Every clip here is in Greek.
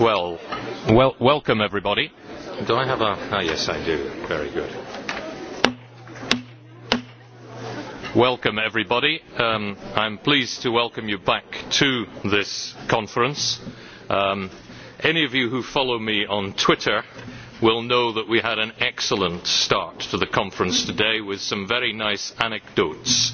Well, well, welcome everybody. Do I have a? Ah, yes, I do. Very good. Welcome everybody. I'm pleased to welcome you back to this conference. Any of you who follow me on Twitter will know that we had an excellent start to the conference today with some very nice anecdotes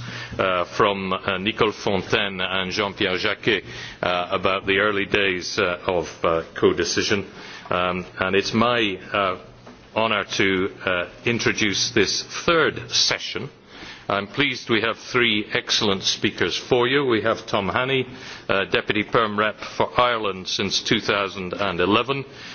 from Nicole Fontaine and Jean-Pierre Jacquet about the early days of codecision. And it's my honour to introduce this third session. I'm pleased we have three excellent speakers for you. We have Tom uh, Deputy Perm Rep for Ireland since 2011,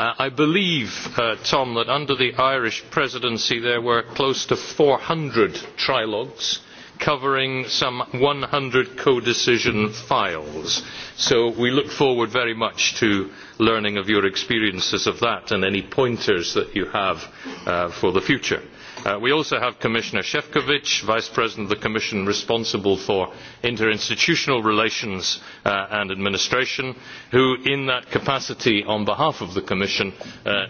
I believe, Tom, that under the Irish presidency there were close to 400 trilogues covering some 100 co-decision files. So we look forward very much to learning of your experiences of that and any pointers that you have for the future. We also have Commissioner Šefčovič, Vice President of the Commission responsible for interinstitutional relations and administration, who in that capacity on behalf of the Commission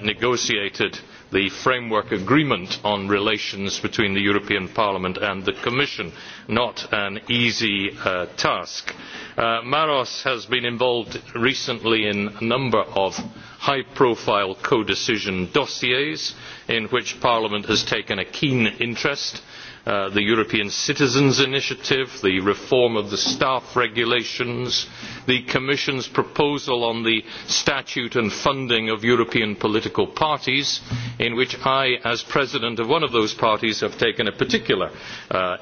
negotiated the framework agreement on relations between the European Parliament and the Commission. Not an easy task. Maros has been involved recently in a number of high profile codecision dossiers in which parliament has taken a keen interest the european citizens' initiative the reform of the staff regulations the commission's proposal on the statute and funding of european political parties in which i as president of one of those parties have taken a particular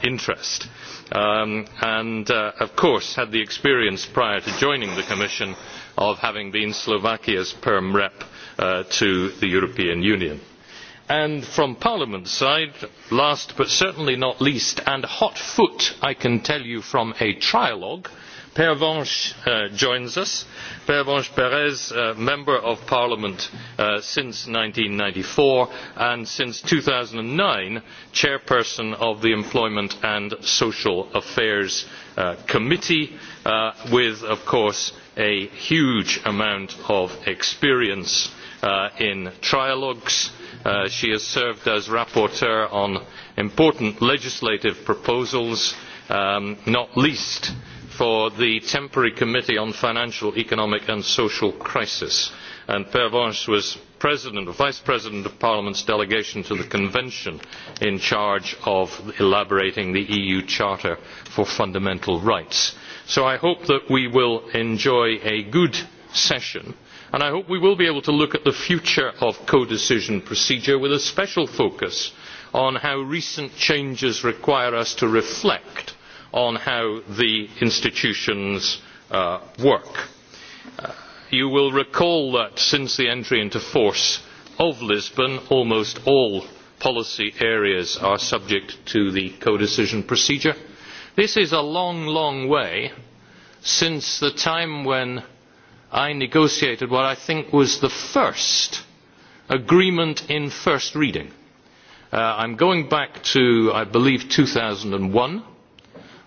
interest and of course had the experience prior to joining the commission of having been Slovakia's perm rep to the European Union. And from Parliament's side, last but certainly not least, and hot foot, I can tell you from a trialogue Pervenche joins us. Pervenche Perez, Member of Parliament since 1994 and since 2009 Chairperson of the Employment and Social Affairs Committee, with, of course, a huge amount of experience in trialogues. She has served as rapporteur on important legislative proposals, not least for the temporary committee on financial economic and social crisis and pervenche was vice president of parliament's delegation to the convention in charge of elaborating the eu charter for fundamental rights. so i hope that we will enjoy a good session and i hope we will be able to look at the future of codecision procedure with a special focus on how recent changes require us to reflect on how the institutions work. You will recall that since the entry into force of Lisbon, almost all policy areas are subject to the codecision procedure. This is a long, long way since the time when I negotiated what I think was the first agreement in first reading. I am going back to, I believe, 2001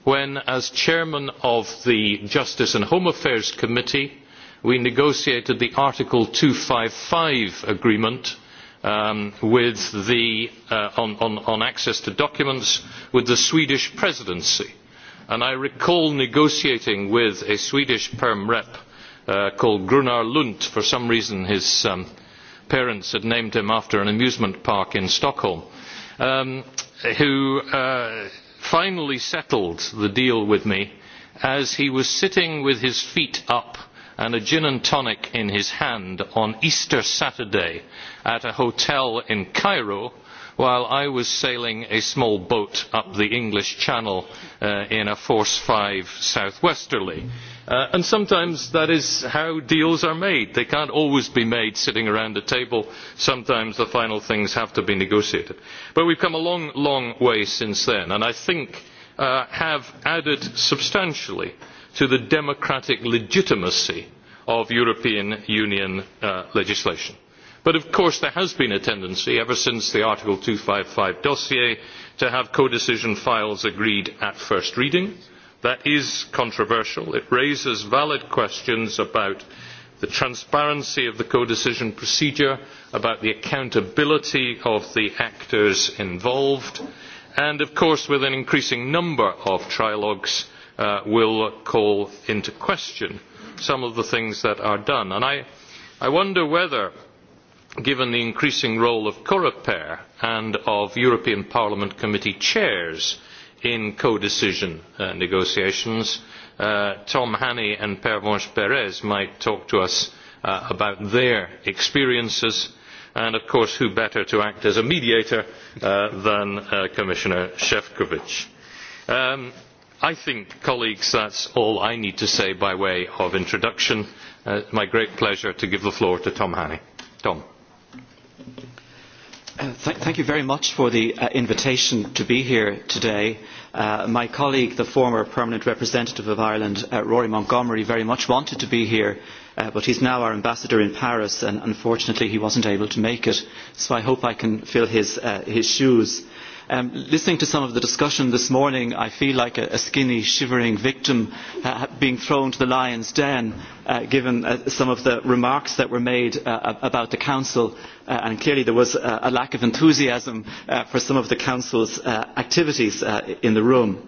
when as chairman of the justice and home affairs committee we negotiated the article two hundred and fifty five agreement on access to documents with the swedish presidency and i recall negotiating with a swedish perm rep called gunnar lund for some reason his parents had named him after an amusement park in stockholm who finally settled the deal with me as he was sitting with his feet up and a gin and tonic in his hand on Easter Saturday at a hotel in Cairo while I was sailing a small boat up the English Channel in a force 5 southwesterly and sometimes that is how deals are made they cannot always be made sitting around a table sometimes the final things have to be negotiated. but we have come a long long way since then and i think have added substantially to the democratic legitimacy of european union legislation. but of course there has been a tendency ever since the article two hundred and fifty five dossier to have codecision files agreed at first reading that is controversial. it raises valid questions about the transparency of the codecision procedure about the accountability of the actors involved and of course with an increasing number of trialogues will call into question some of the things that are done. i wonder whether given the increasing role of coreper and of european parliament committee chairs in codecision negotiations. Tom Hannay and Pervenche Perez might talk to us about their experiences and of course who better to act as a mediator than Commissioner efovi. I think, colleagues, that is all I need to say by way of introduction. It is my great pleasure to give the floor to Tom Hannay. Thank you very much for the invitation to be here today. My colleague, the former permanent representative of Ireland, Rory Montgomery, very much wanted to be here, but he is now our ambassador in Paris and unfortunately he was not able to make it, so I hope I can fill his shoes. Listening to some of the discussion this morning, I feel like a skinny, shivering victim being thrown to the lion's den, given some of the remarks that were made about the Council, and clearly there was a lack of enthusiasm for some of the Council's activities in the room.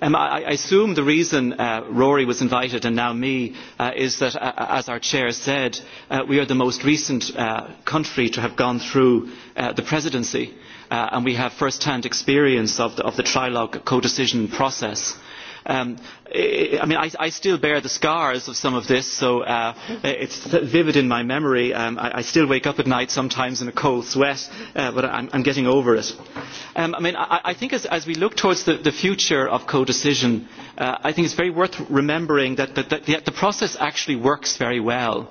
I assume the reason Rory was invited and now me is that, as our Chair said, we are the most recent country to have gone through the Presidency and we have first hand experience of the trilogue codecision process. I still bear the scars of some of this, so it's vivid in my memory. I still wake up at night sometimes in a cold sweat, but I am getting over it. I think as we look towards the future of codecision, I think it's very worth remembering that the process actually works very well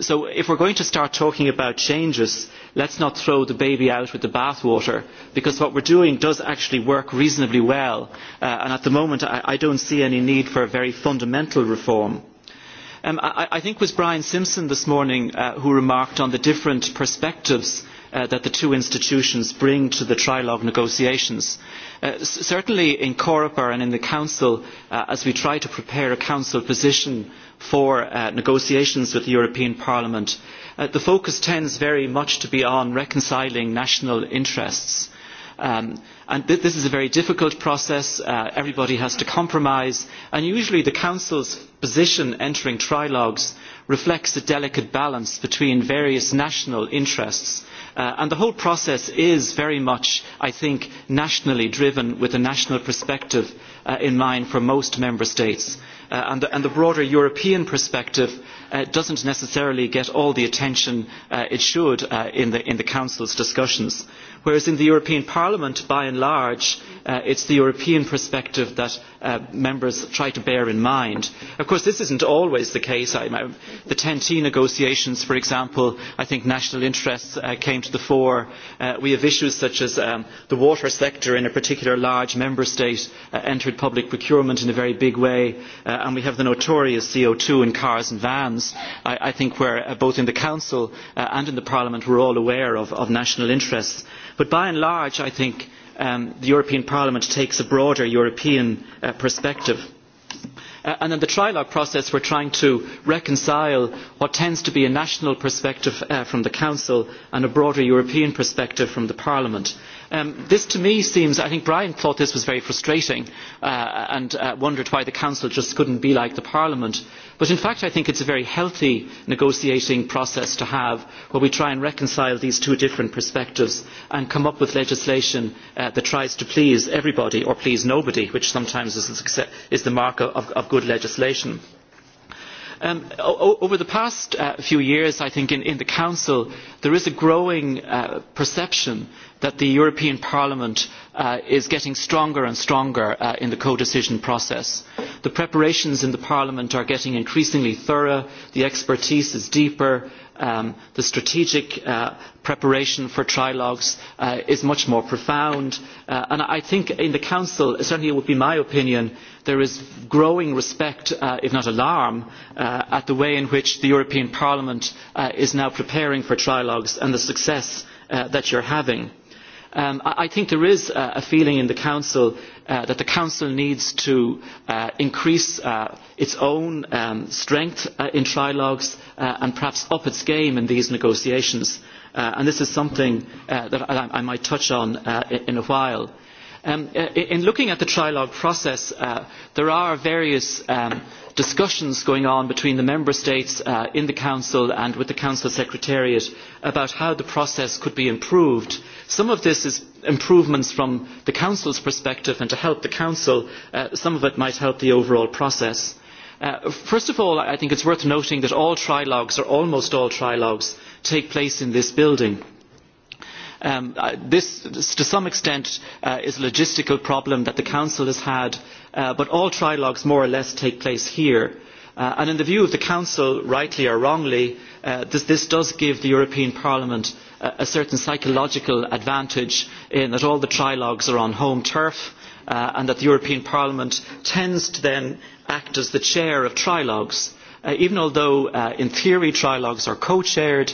So if we are going to start talking about changes, let's not throw the baby out with the bathwater, because what we are doing does actually work reasonably well, and at the moment I do not see any need for a very fundamental reform. I think it was Brian Simpson this morning who remarked on the different perspectives that the two institutions bring to the trilogue negotiations. Certainly in Coreper and in the Council, as we try to prepare a Council position for negotiations with the European Parliament, the focus tends very much to be on reconciling national interests. This is a very difficult process. Everybody has to compromise, and usually the Council's position entering trilogues reflects a delicate balance between various national interests. And the whole process is very much, I think, nationally driven with a national perspective in mind for most Member States and the broader European perspective does not necessarily get all the attention it should in the Council's discussions whereas in the European Parliament, by and large, it is the European perspective that members try to bear in mind. Of course, this is not always the case. The TEN T negotiations, for example, I think national interests came to the fore. We have issues such as the water sector in a particular large member state entered public procurement in a very big way, and we have the notorious CO2 in cars and vans, I think, where both in the Council and in the Parliament we're all aware of national interests but by and large i think the european parliament takes a broader european perspective. and in the trilogue process we are trying to reconcile what tends to be a national perspective from the council and a broader european perspective from parliament This to me seems, I think Brian thought this was very frustrating and wondered why the Council just couldn't be like the Parliament. But in fact I think it is a very healthy negotiating process to have where we try and reconcile these two different perspectives and come up with legislation that tries to please everybody or please nobody, which sometimes is the mark of good legislation. Over the past few years, I think in the Council, there is a growing perception that the European Parliament is getting stronger and stronger in the codecision process. The preparations in Parliament are getting increasingly thorough, the expertise is deeper, the strategic preparation for trilogues is much more profound, and I think in the Council, certainly it would be my opinion, there is growing respect, if not alarm, at the way in which the European Parliament is now preparing for trilogues and the success that you are having. I think there is a feeling in the Council that the Council needs to increase its own strength in trilogues and perhaps up its game in these negotiations. And this is something that I might touch on in a while. In looking at the trilogue process, there are various discussions going on between the Member States in the Council and with the Council Secretariat about how the process could be improved. Some of this is improvements from the Council's perspective and to help the Council, some of it might help the overall process. First of all, I think it is worth noting that all trilogues, or almost all trilogues, take place in this building This, to some extent, is a logistical problem that the Council has had, but all trilogues more or less take place here. And in the view of the Council, rightly or wrongly, this does give the European Parliament a certain psychological advantage in that all the trilogues are on home turf and that the European Parliament tends to then act as the chair of trilogues even although in theory trilogues are co-chaired,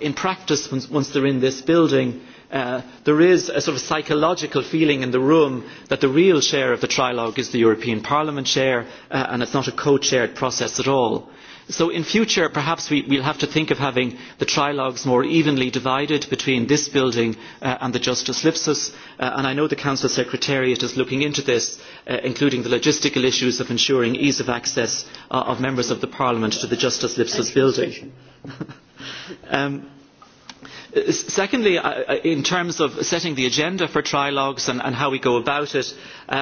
in practice, once they are in this building, there is a sort of psychological feeling in the room that the real chair of the trilogue is the European Parliament chair, and it is not a co-chaired process at all. So in future perhaps we will have to think of having the trialogues more evenly divided between this building and the Justice Lipsus and I know the Council Secretariat is looking into this, including the logistical issues of ensuring ease of access of members of Parliament to the Justice Lipsus building. Secondly, in terms of setting the agenda for trilogues and how we go about it,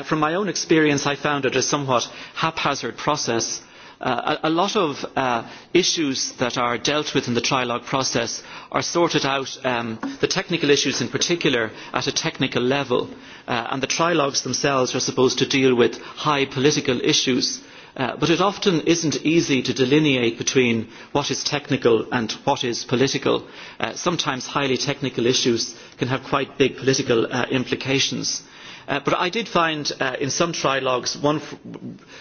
from my own experience I found it a somewhat haphazard process a lot of issues that are dealt with in the trilogue process are sorted out, the technical issues in particular, at a technical level, and the trilogues themselves are supposed to deal with high political issues. But it often isn't easy to delineate between what is technical and what is political. Sometimes highly technical issues can have quite big political implications. But I did find in some trilogues one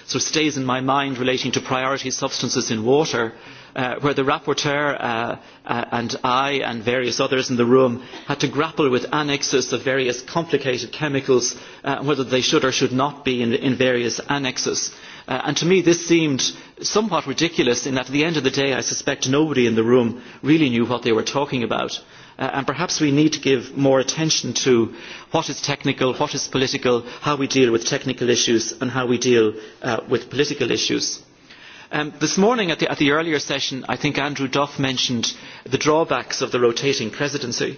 sort of stays in my mind relating to priority substances in water, where the rapporteur and I and various others in the room had to grapple with annexes of various complicated chemicals and whether they should or should not be in various annexes. And to me this seemed somewhat ridiculous in that at the end of the day I suspect nobody in the room really knew what they were talking about and perhaps we need to give more attention to what is technical what is political how we deal with technical issues and how we deal with political issues. this morning at the earlier session i think andrew duff mentioned the drawbacks of the rotating presidency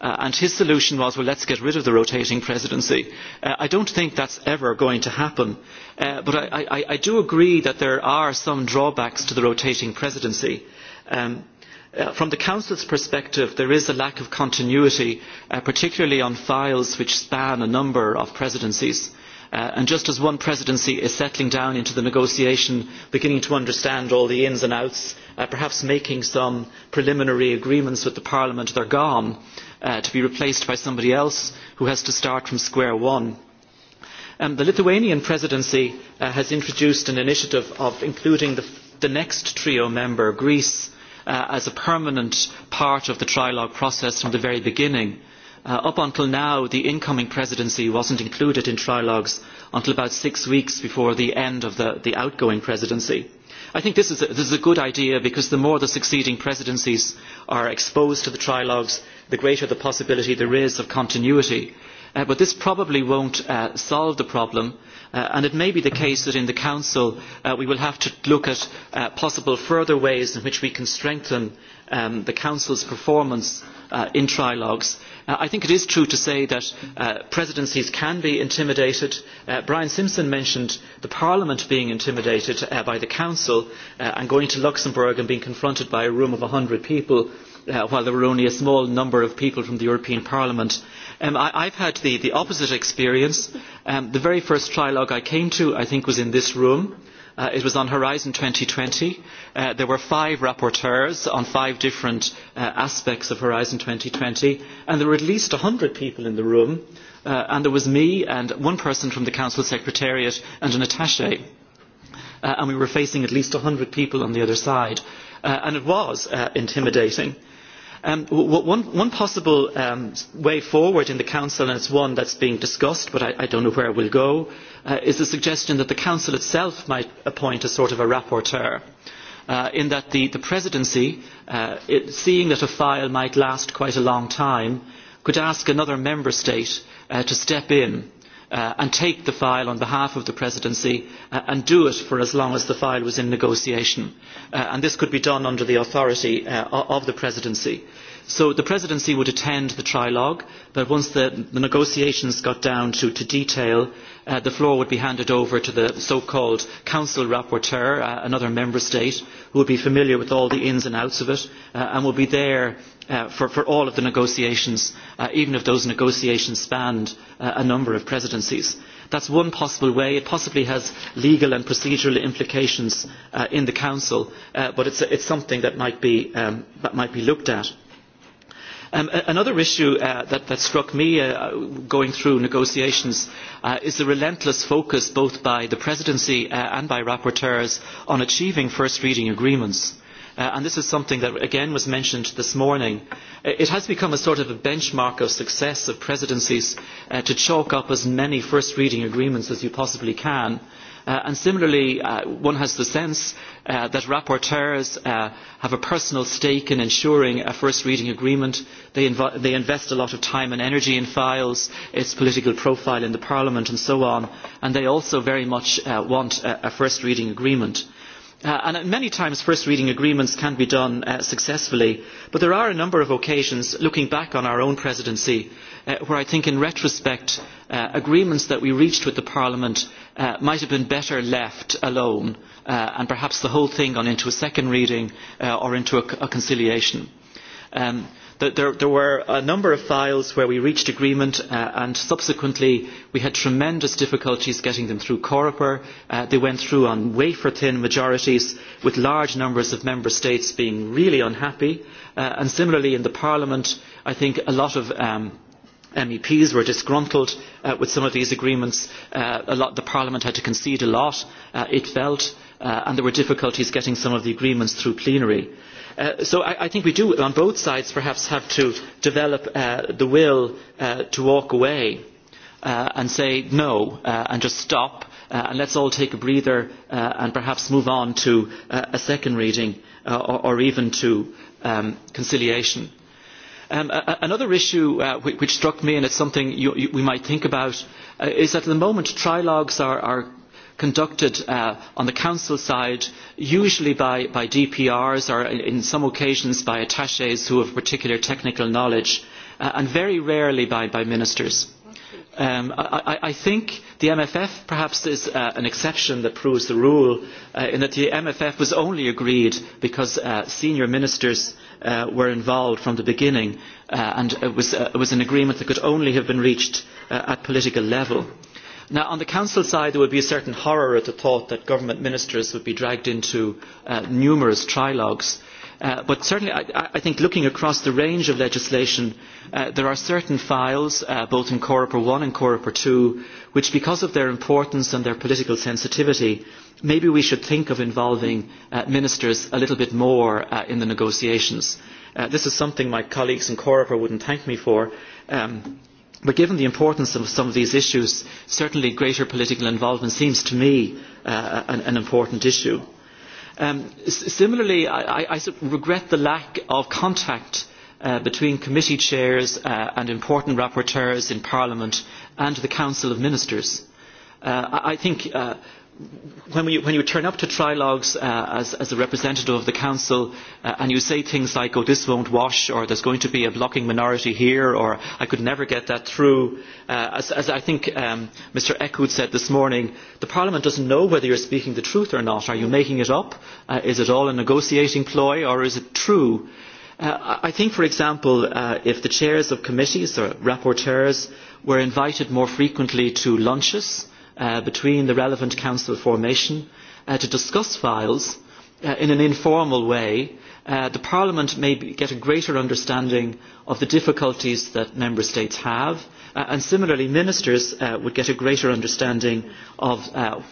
and his solution was well let us get rid of the rotating presidency. i do not think that is ever going to happen but i do agree that there are some drawbacks to the rotating presidency. From the Council's perspective, there is a lack of continuity, particularly on files which span a number of presidencies. And just as one presidency is settling down into the negotiation, beginning to understand all the ins and outs, perhaps making some preliminary agreements with Parliament, they are gone to be replaced by somebody else who has to start from square one. The Lithuanian presidency has introduced an initiative of including the next trio member, Greece, as a permanent part of the trilogue process from the very beginning. Up until now, the incoming presidency was not included in trilogues until about six weeks before the end of the outgoing presidency. I think this is a good idea because the more the succeeding presidencies are exposed to the trilogues, the greater the possibility there is of continuity but this probably will not solve the problem and it may be the case that in the council we will have to look at possible further ways in which we can strengthen the council's performance in trilogues. i think it is true to say that presidencies can be intimidated. brian simpson mentioned parliament being intimidated by the council and going to luxembourg and being confronted by a room of one hundred people while there were only a small number of people from the European Parliament. I have had the opposite experience. The very first trilogue I came to I think was in this room. It was on Horizon 2020. There were five rapporteurs on five different aspects of Horizon 2020, and there were at least 100 people in the room, and there was me and one person from the Council Secretariat and an attaché, and we were facing at least 100 people on the other side, and it was intimidating. One possible way forward in the Council, and it's one that's being discussed, but I don't know where it will go, is the suggestion that the Council itself might appoint a sort of a rapporteur, in that the Presidency, seeing that a file might last quite a long time, could ask another Member State to step in and take the file on behalf of the Presidency and do it for as long as the file was in negotiation. And this could be done under the authority of the Presidency. So the Presidency would attend the trilogue, but once the negotiations got down to detail, the floor would be handed over to the so-called Council Rapporteur, another Member State, who would be familiar with all the ins and outs of it and would be there for all of the negotiations, even if those negotiations spanned a number of presidencies. That That's one possible way. It possibly has legal and procedural implications in the Council, but it is something that might be looked at. Another issue that struck me going through negotiations is the relentless focus both by the Presidency and by rapporteurs on achieving first reading agreements. And this is something that again was mentioned this morning. It has become a sort of a benchmark of success of presidencies to chalk up as many first reading agreements as you possibly can And similarly, one has the sense that rapporteurs have a personal stake in ensuring a first reading agreement. They invest a lot of time and energy in files, its political profile in the Parliament and so on, and they also very much want a first reading agreement. many times first reading agreements can be done successfully, but there are a number of occasions, looking back on our own presidency, where I think in retrospect agreements that we reached with Parliament might have been better left alone and perhaps the whole thing gone into a second reading or into a conciliation. There were a number of files where we reached agreement and subsequently we had tremendous difficulties getting them through Coreper. They went through on wafer-thin majorities with large numbers of member states being really unhappy and similarly in the Parliament I think a lot of meps were disgruntled with some of these agreements. parliament had to concede a lot it felt and there were difficulties getting some of the agreements through plenary. so i think we do on both sides perhaps have to develop the will to walk away and say no and just stop and let us all take a breather and perhaps move on to a second reading or even to conciliation. Another issue which struck me, and is something we might think about, is that at the moment trilogues are conducted on the Council side, usually by DPRs or in some occasions by attachés who have particular technical knowledge, and very rarely by ministers. I think the MFF perhaps is an exception that proves the rule, in that the MFF was only agreed because senior ministers were involved from the beginning and it was an agreement that could only have been reached at political level. Now, on the Council side, there would be a certain horror at the thought that government ministers would be dragged into numerous trilogues. But certainly, I think looking across the range of legislation, there are certain files, both in Coreper 1 and Coreper 2, which, because of their importance and their political sensitivity, maybe we should think of involving ministers a little bit more in the negotiations. This is something my colleagues in Coreper wouldn't thank me for. But given the importance of some of these issues, certainly greater political involvement seems to me an important issue. Similarly, I regret the lack of contact between committee chairs and important rapporteurs in Parliament and the Council of Ministers. I think when you turn up to trilogues as a representative of the council and you say things like oh this won't wash or there's going to be a blocking minority here or i could never get that through as i think mr eckhout said this morning the parliament doesn't know whether you're speaking the truth or not are you making it up is it all a negotiating ploy or is it true i think for example if the chairs of committees or rapporteurs were invited more frequently to lunches between the relevant council formation to discuss files in an informal way the parliament may get a greater understanding of the difficulties that member states have and similarly ministers would get a greater understanding of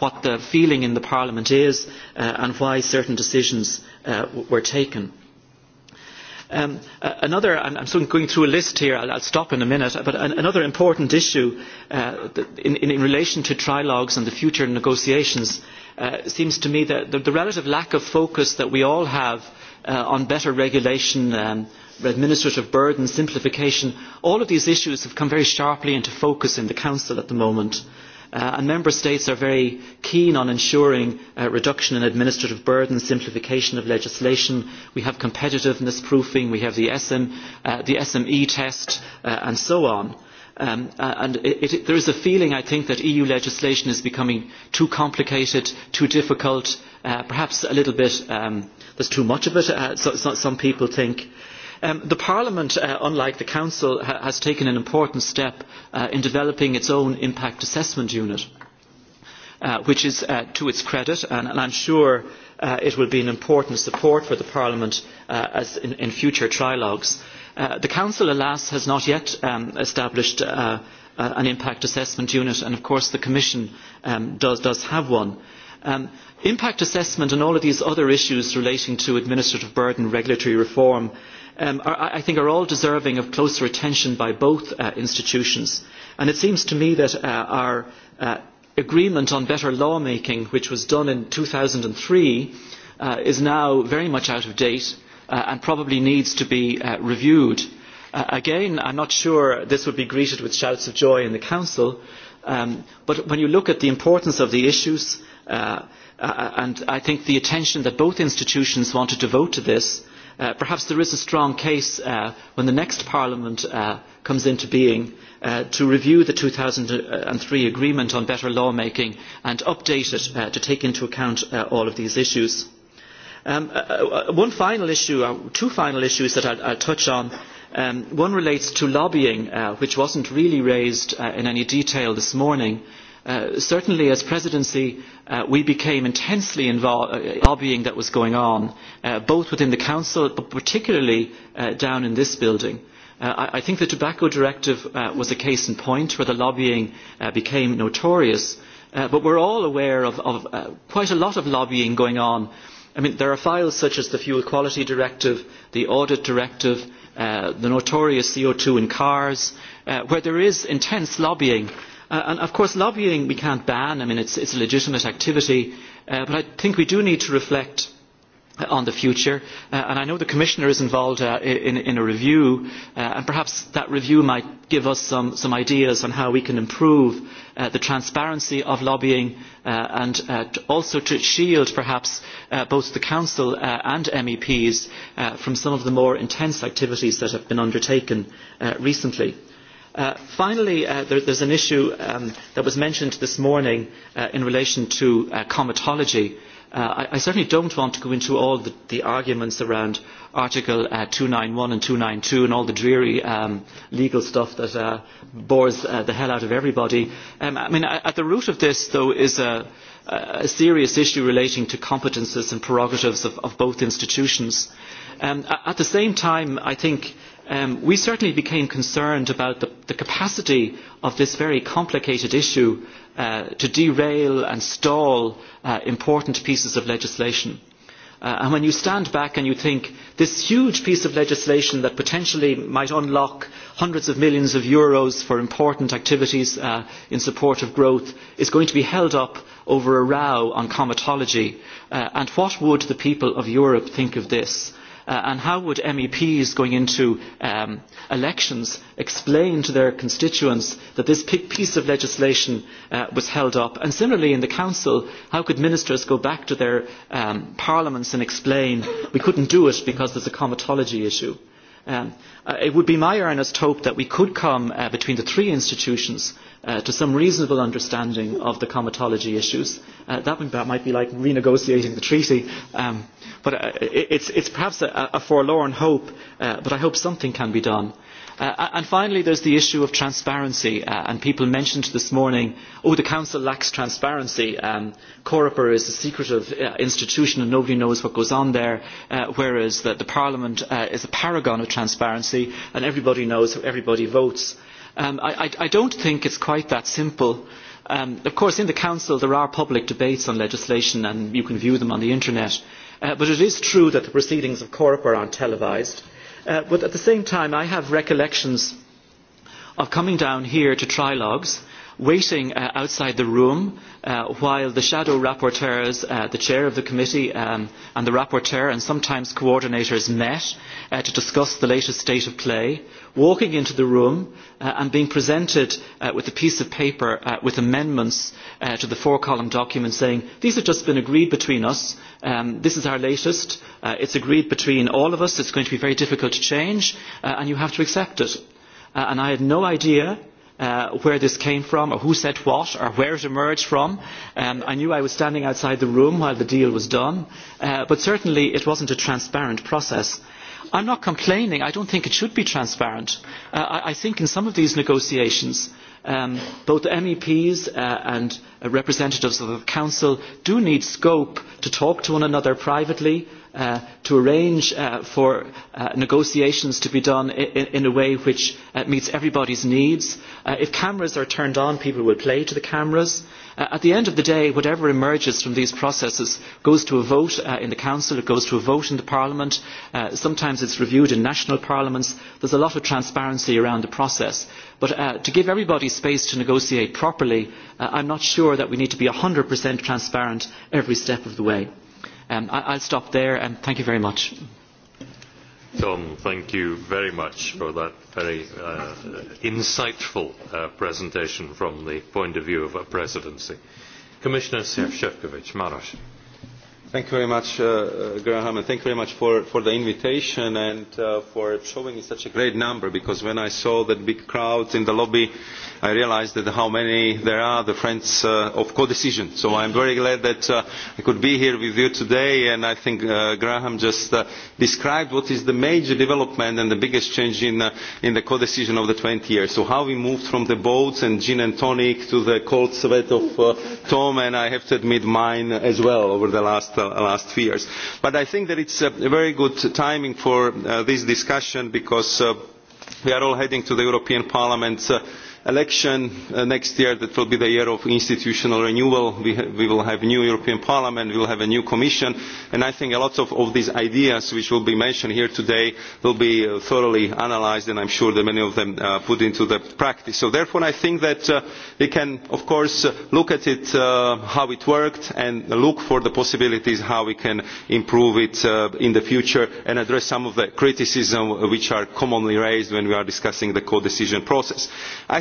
what the feeling in parliament is and why certain decisions were taken. Another, I'm going through a list here, I'll stop in a minute, but another important issue in relation to trilogues and the future negotiations seems to me that the relative lack of focus that we all have on better regulation, administrative burden, simplification, all of these issues have come very sharply into focus in the Council at the moment and member states are very keen on ensuring reduction in administrative burden simplification of legislation we have competitiveness proofing we have the sme test and so on there is a feeling i think that eu legislation is becoming too complicated too difficult perhaps a little bit there's too much of it some people think the Parliament, unlike the Council, has taken an important step in developing its own impact assessment unit, which is to its credit, and I am sure it will be an important support for Parliament in future trilogues. The Council, alas, has not yet established an impact assessment unit, and of course the Commission does have one. Impact assessment and all of these other issues relating to administrative burden regulatory reform I think are all deserving of closer attention by both institutions. And it seems to me that our agreement on better lawmaking, which was done in 2003, is now very much out of date and probably needs to be reviewed. Again, I'm not sure this would be greeted with shouts of joy in the Council, but when you look at the importance of the issues and I think the attention that both institutions want to devote to this, perhaps there is a strong case when the next Parliament comes into being to review the 2003 agreement on better Law Making and update it to take into account all of these issues. One final issue, two final issues that I will touch on. One relates to lobbying, which was not really raised in any detail this morning, Certainly as Presidency we became intensely involved in lobbying that was going on, both within the Council but particularly down in this building. I think the Tobacco Directive was a case in point where the lobbying became notorious, but we are all aware of quite a lot of lobbying going on. there are files such as the Fuel Quality Directive, the Audit Directive, the notorious CO2 in cars, where there is intense lobbying of course lobbying we can't ban, I mean it's a legitimate activity, but I think we do need to reflect on the future and I know the Commissioner is involved in a review and perhaps that review might give us some ideas on how we can improve the transparency of lobbying and also to shield perhaps both the Council and MEPs from some of the more intense activities that have been undertaken recently. Finally, there is an issue that was mentioned this morning in relation to comitology. I certainly don't want to go into all the arguments around Article 291 and 292 and all the dreary legal stuff that bores the hell out of everybody. At the root of this, though, is a serious issue relating to competences and prerogatives of both institutions. At the same time, I think we certainly became concerned about the capacity of this very complicated issue to derail and stall important pieces of legislation. when you stand back and you think this huge piece of legislation that potentially might unlock hundreds of millions of euros for important activities in support of growth is going to be held up over a row on comitology, and what would the people of Europe think of this? and how would meps going into elections explain to their constituents that this piece of legislation was held up and similarly in the council how could ministers go back to their parliaments and explain we couldn't do it because there is a comitology issue? It would be my earnest hope that we could come between the three institutions to some reasonable understanding of the comitology issues. That might be like renegotiating the treaty, but it is perhaps a forlorn hope, but I hope something can be done. And finally, is the issue of transparency. And people mentioned this morning, oh, the Council lacks transparency. Coreper is a secretive institution and nobody knows what goes on there, whereas Parliament is a paragon of transparency and everybody knows how everybody votes. I don't think it is quite that simple. Of course, in the Council there are public debates on legislation and you can view them on the Internet. But it is true that the proceedings of Coreper are not televised But at the same time, I have recollections of coming down here to trilogues waiting outside the room while the shadow rapporteurs, the chair of the committee and the rapporteur and sometimes coordinators met to discuss the latest state of play, walking into the room and being presented with a piece of paper with amendments to the four-column document saying, these have just been agreed between us, this is our latest, it's agreed between all of us, it's going to be very difficult to change and you have to accept it. And I had no idea where this came from or who said what or where it emerged from. I knew I was standing outside the room while the deal was done, but certainly it wasn't a transparent process. I'm not complaining. I don't think it should be transparent. I think in some of these negotiations, both MEPs and representatives of the Council do need scope to talk to one another privately to arrange for negotiations to be done in a way which meets everybody's needs. If cameras are turned on, people will play to the cameras. At the end of the day, whatever emerges from these processes goes to a vote in the Council, it goes to a vote in the Parliament. Sometimes it's reviewed in national parliaments. There's a lot of transparency around the process. But to give everybody space to negotiate properly, I'm not sure that we need to be 100% transparent every step of the way. I'll stop there and thank you very much. Tom, thank you very much for that very insightful presentation from the point of view of a presidency. Commissioner Sefcovic, Maros. Thank you very much, Graham, and thank you very much for for the invitation and for showing such a great number, because when I saw that big crowd in the lobby, I realized that how many there are, the friends of co-decision. So I'm very glad that I could be here with you today, and I think Graham just described what is the major development and the biggest change in in the co-decision of the 20 years. So how we moved from the boats and gin and tonic to the cold sweat of Tom, and I have to admit mine as well over the last the last few years. But I think that it's a very good timing for this discussion because we are all heading to the European Parliament election next year that will be the year of institutional renewal we will have a new european parliament we will have a new commission and i think a lot of these ideas which will be mentioned here today will be thoroughly analysed and i am sure that many of them are put into practice. so therefore i think that we can of course look at it how it worked and look for the possibilities how we can improve it in the future and address some of the criticism which are commonly raised when we are discussing the codecision process. i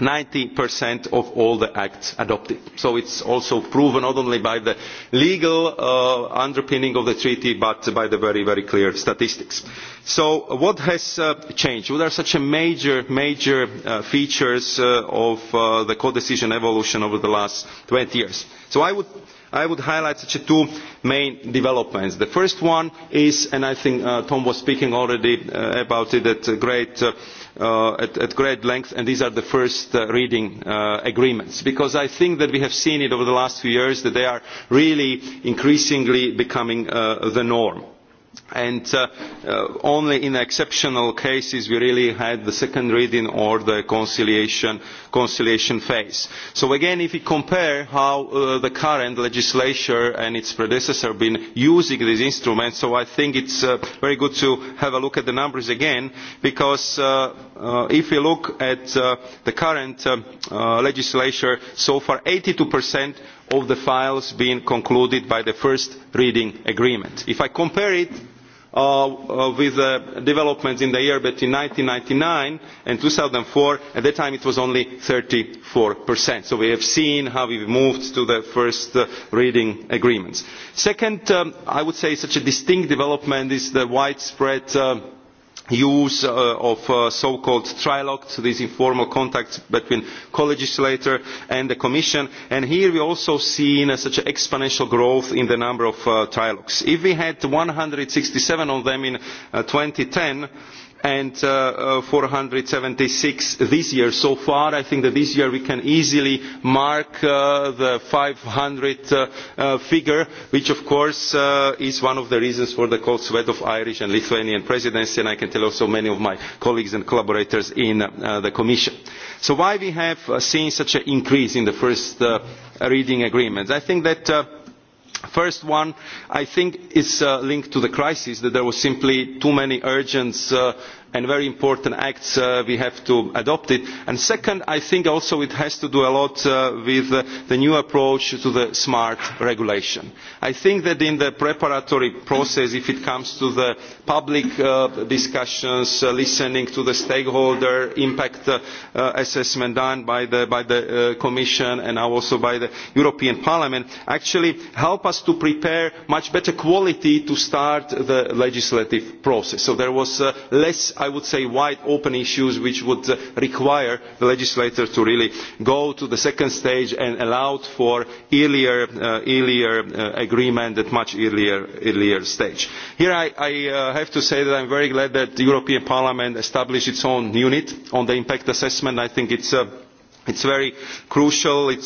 90% of all the acts adopted. So it's also proven not only by the legal underpinning of the treaty but by the very, very clear statistics. So what has changed? What are such major, major features of the codecision evolution over the last 20 years? So I would I would highlight such two main developments. The first one is, and I think Tom was speaking already about it at great length and these are the first reading agreements because i think that we have seen it over the last few years that they are really increasingly becoming the norm and only in exceptional cases we really had the second reading or the conciliation phase. so again if we compare how the current legislature and its predecessor have been using these instruments so i think it's is very good to have a look at the numbers again because if we look at the current legislature so far 82% two of the files being concluded by the first reading agreement. If I compare it with the developments in the year between 1999 and 2004, at that time it was only 34%. So we have seen how we moved to the first reading agreements. Second, I would say such a distinct development is the widespread use of so-called trilogues, these informal contacts between co-legislator and the Commission. And here we also seen such an exponential growth in the number of trilogues. If we had 167 of them in 2010, and 476 this year so far. I think that this year we can easily mark the 500 figure, which of course is one of the reasons for the cold sweat of Irish and Lithuanian presidency, and I can tell also many of my colleagues and collaborators in the Commission. So why we have seen such an increase in the first reading agreements? I think that first one i think is linked to the crisis that there were simply too many urgent and very important acts we have to adopt it and second i think also it has to do a lot with the new approach to the smart regulation. i think that in the preparatory process if it comes to the public discussions, listening to the stakeholder impact assessment done by the Commission and also by the European Parliament actually help us to prepare much better quality to start the legislative process. So there was less, I would say, wide open issues which would require the legislator to really go to the second stage and allow for earlier agreement at much earlier stage. Here I I have to say that i am very glad that the european parliament established its own unit on the impact assessment. i think it is very crucial. it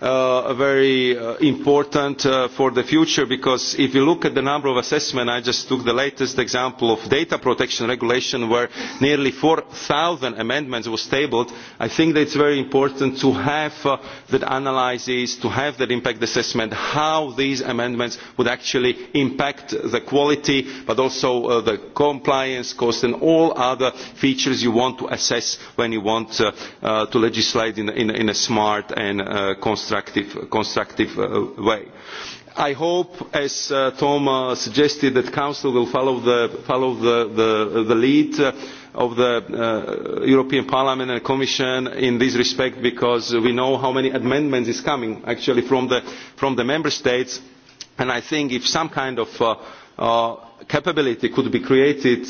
very important for the future because if you look at the number of assessments i just took the latest example of data protection regulation where nearly 4000 amendments were tabled i think that it's very important to have that analysis to have that impact assessment how these amendments would actually impact the quality but also the compliance cost and all other features you want to assess when you want to legislate in a smart and constructive way. I hope, as Tom suggested, that Council will follow the lead of the European Parliament and Commission in this respect, because we know how many amendments is coming actually from the Member States, and I think if some kind of capability could be created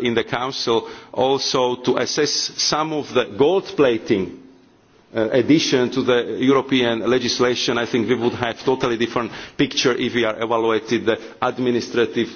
in the Council also to assess some of the gold plating addition to the European legislation, I think we would have a totally different picture if we are the administrative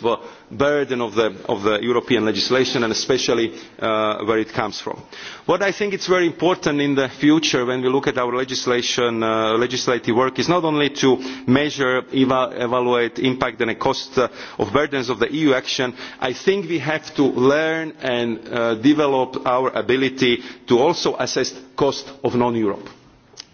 burden of the European legislation and especially where it comes from. What I think is very important in the future when we look at our legislation, legislative work, is not only to measure, evaluate impact and the cost of burdens of the EU action, I think we have to learn and develop our ability to also assess cost of non-Europe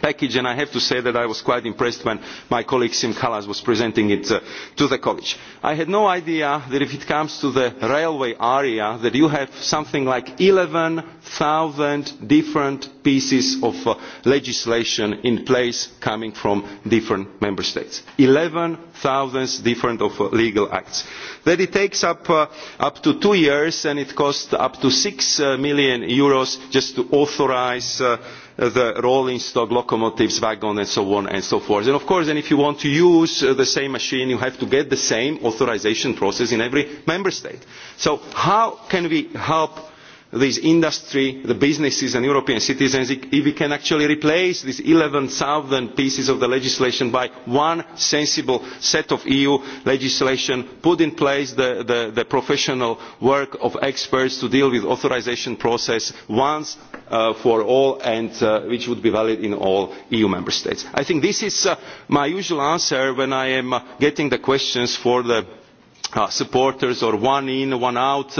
package and I have to say that I was quite impressed when my colleague Sim Kallas was presenting it to the college. I had no idea that if it comes to the railway area that you have something like 11,000 different pieces of legislation in place coming from different member states. 11,000 different of legal acts. That it takes up to two years and it costs up to 6 million euros just to authorise the rolling stock locomotives, wagons and so on and so forth. of course, if you want to use the same machine, you have to get the same authorisation process in every member state. So how can we help these industry, the businesses and European citizens, if we can actually replace these 11,000 pieces of the legislation by one sensible set of EU legislation, put in place the professional work of experts to deal with the authorisation process once for all and which would be valid in all EU member states. I think this is my usual answer when I am getting the questions for the supporters or one in one out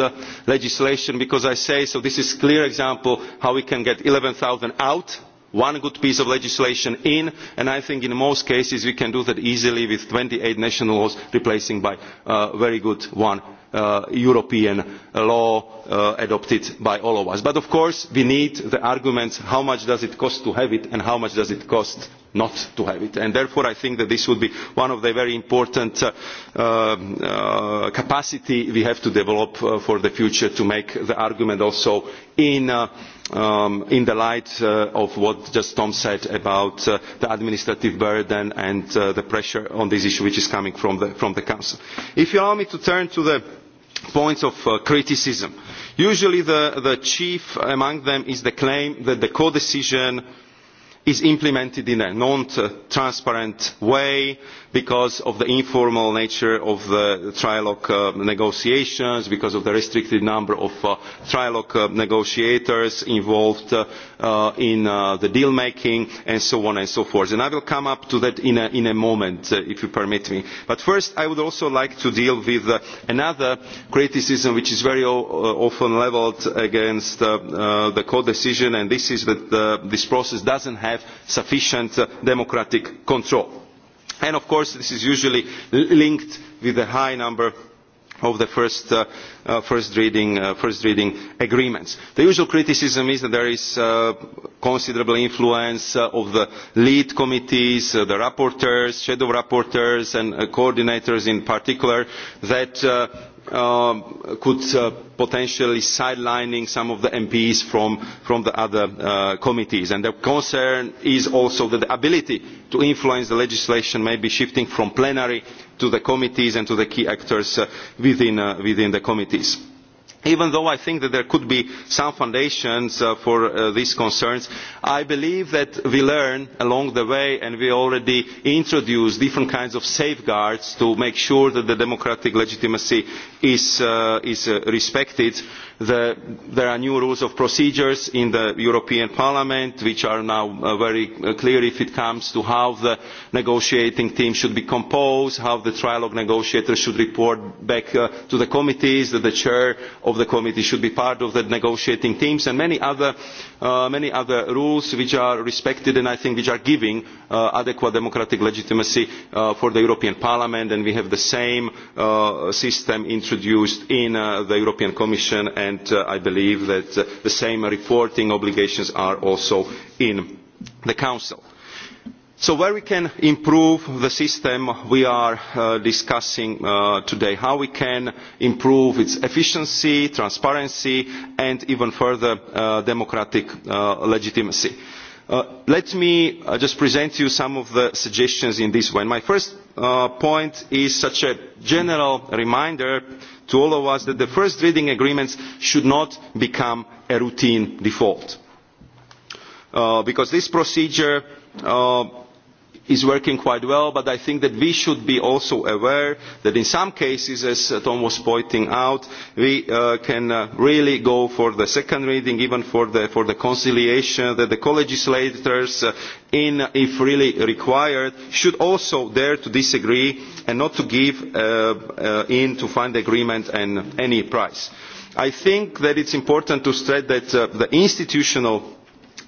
legislation because i say so this is a clear example of how we can get eleven zero out one good piece of legislation in and i think in most cases we can do that easily with twenty eight national laws replacing by a very good one european law adopted by all of us. but of course we need the arguments how much does it cost to have it and how much does it cost not to have it. And therefore I think that this would be one of the very important capacity we have to develop for the future to make the argument also in the light of what just Tom said about the administrative burden and the pressure on this issue which is coming from the Council. If you allow me to turn to the points of criticism, usually the chief among them is the claim that the codecision is implemented in a non transparent way because of the informal nature of the trilogue negotiations because of the restricted number of trilogue negotiators involved in the deal making and so on and so forth. i will come up to that in a moment if you permit me. but first i would also like to deal with another criticism which is very often levelled against the codecision and this is that this process does not sufficient democratic control. And of course this is usually linked with the high number of the first reading agreements. The usual criticism is that there is considerable influence of the lead committees, the rapporteurs, shadow rapporteurs and coordinators in particular that could potentially sidelining some of the MPs from the other committees. And the concern is also that the ability to influence the legislation may be shifting from plenary to the committees and to the key actors within the committees even though i think that there could be some foundations for these concerns i believe that we learn along the way and we already introduced different kinds of safeguards to make sure that the democratic legitimacy is respected There are new rules of procedures in the European Parliament which are now very clear if it comes to how the negotiating team should be composed, how the trilogue negotiators should report back to the committees, that the chair of the committee should be part of the negotiating teams and many other rules which are respected and I think which are giving adequate democratic legitimacy for the European Parliament and we have the same system introduced in the European Commission and I believe that the same reporting obligations are also in the Council. So where we can improve the system we are discussing today, how we can improve its efficiency, transparency and even further democratic legitimacy. Let me just present you some of the suggestions in this way. My first point is such a general reminder to all of us that the first reading agreements should not become a routine default because this procedure is working quite well but i think that we should be also aware that in some cases as tom was pointing out we can really go for the second reading even for the conciliation that the co legislators if really required should also dare to disagree and not to give in to find agreement at any price. i think that it is important to stress that the institutional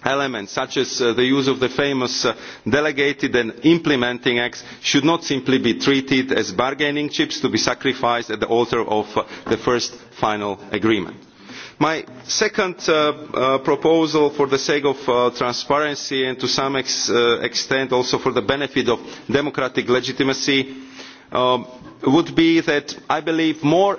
elements such as the use of the famous delegated and implementing acts should not simply be treated as bargaining chips to be sacrificed at the altar of the first final agreement. my second proposal for the sake of transparency and to some extent also for the benefit of democratic legitimacy would be that i believe more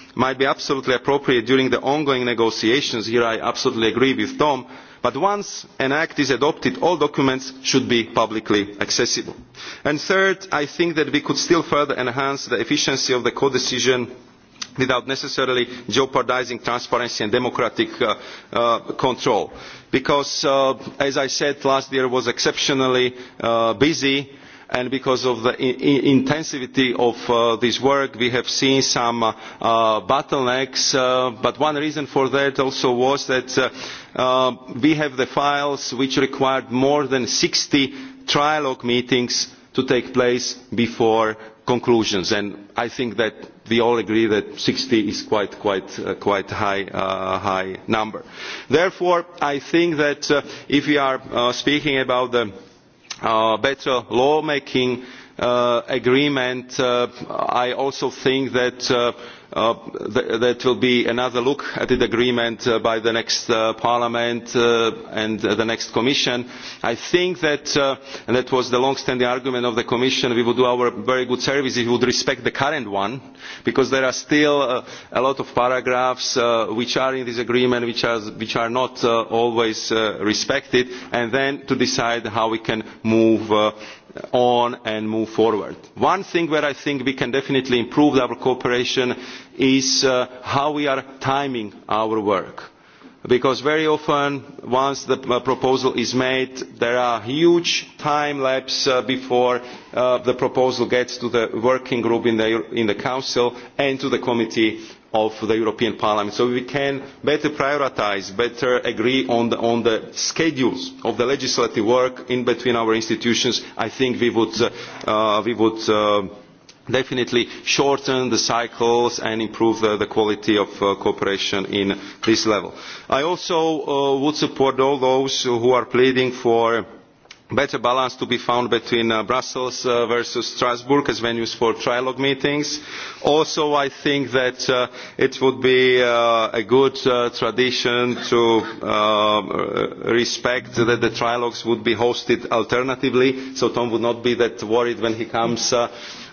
might be absolutely appropriate during the ongoing negotiations here i absolutely agree with tom but once an act is adopted all documents should be publicly accessible. and third i think that we could still further enhance the efficiency of the codecision without necessarily jeopardising transparency and democratic control because as i said last year was exceptionally busy and because of the intensity of this work we have seen some bottlenecks but one reason for that also was that we have the files which required more than 60 trilogue meetings to take place before conclusions and i think that we all agree that 60 is quite quite high number therefore i think that if we are speaking about the better making agreement. I also think that That will be another look at the agreement by the next Parliament and the next Commission. I think that, and that was the long-standing argument of the Commission, we would do our very good service if we would respect the current one, because there are still a lot of paragraphs which are in this agreement which are not always respected, and then to decide how we can move on and move forward. One thing where I think we can definitely improve our cooperation is how we are timing our work. Because very often, once the proposal is made, there are huge time lapses before the proposal gets to the working group in the Council and to the Committee of the European Parliament. So we can better prioritise, better agree on the schedules of the legislative work in between our institutions. I think we would definitely shorten the cycles and improve the quality of cooperation at this level. I also would support all those who are pleading for better balance to be found between Brussels versus Strasbourg as venues for trilogue meetings. Also, I think that it would be a good tradition to respect that the trilogues would be hosted alternatively, so Tom would not be that worried when he comes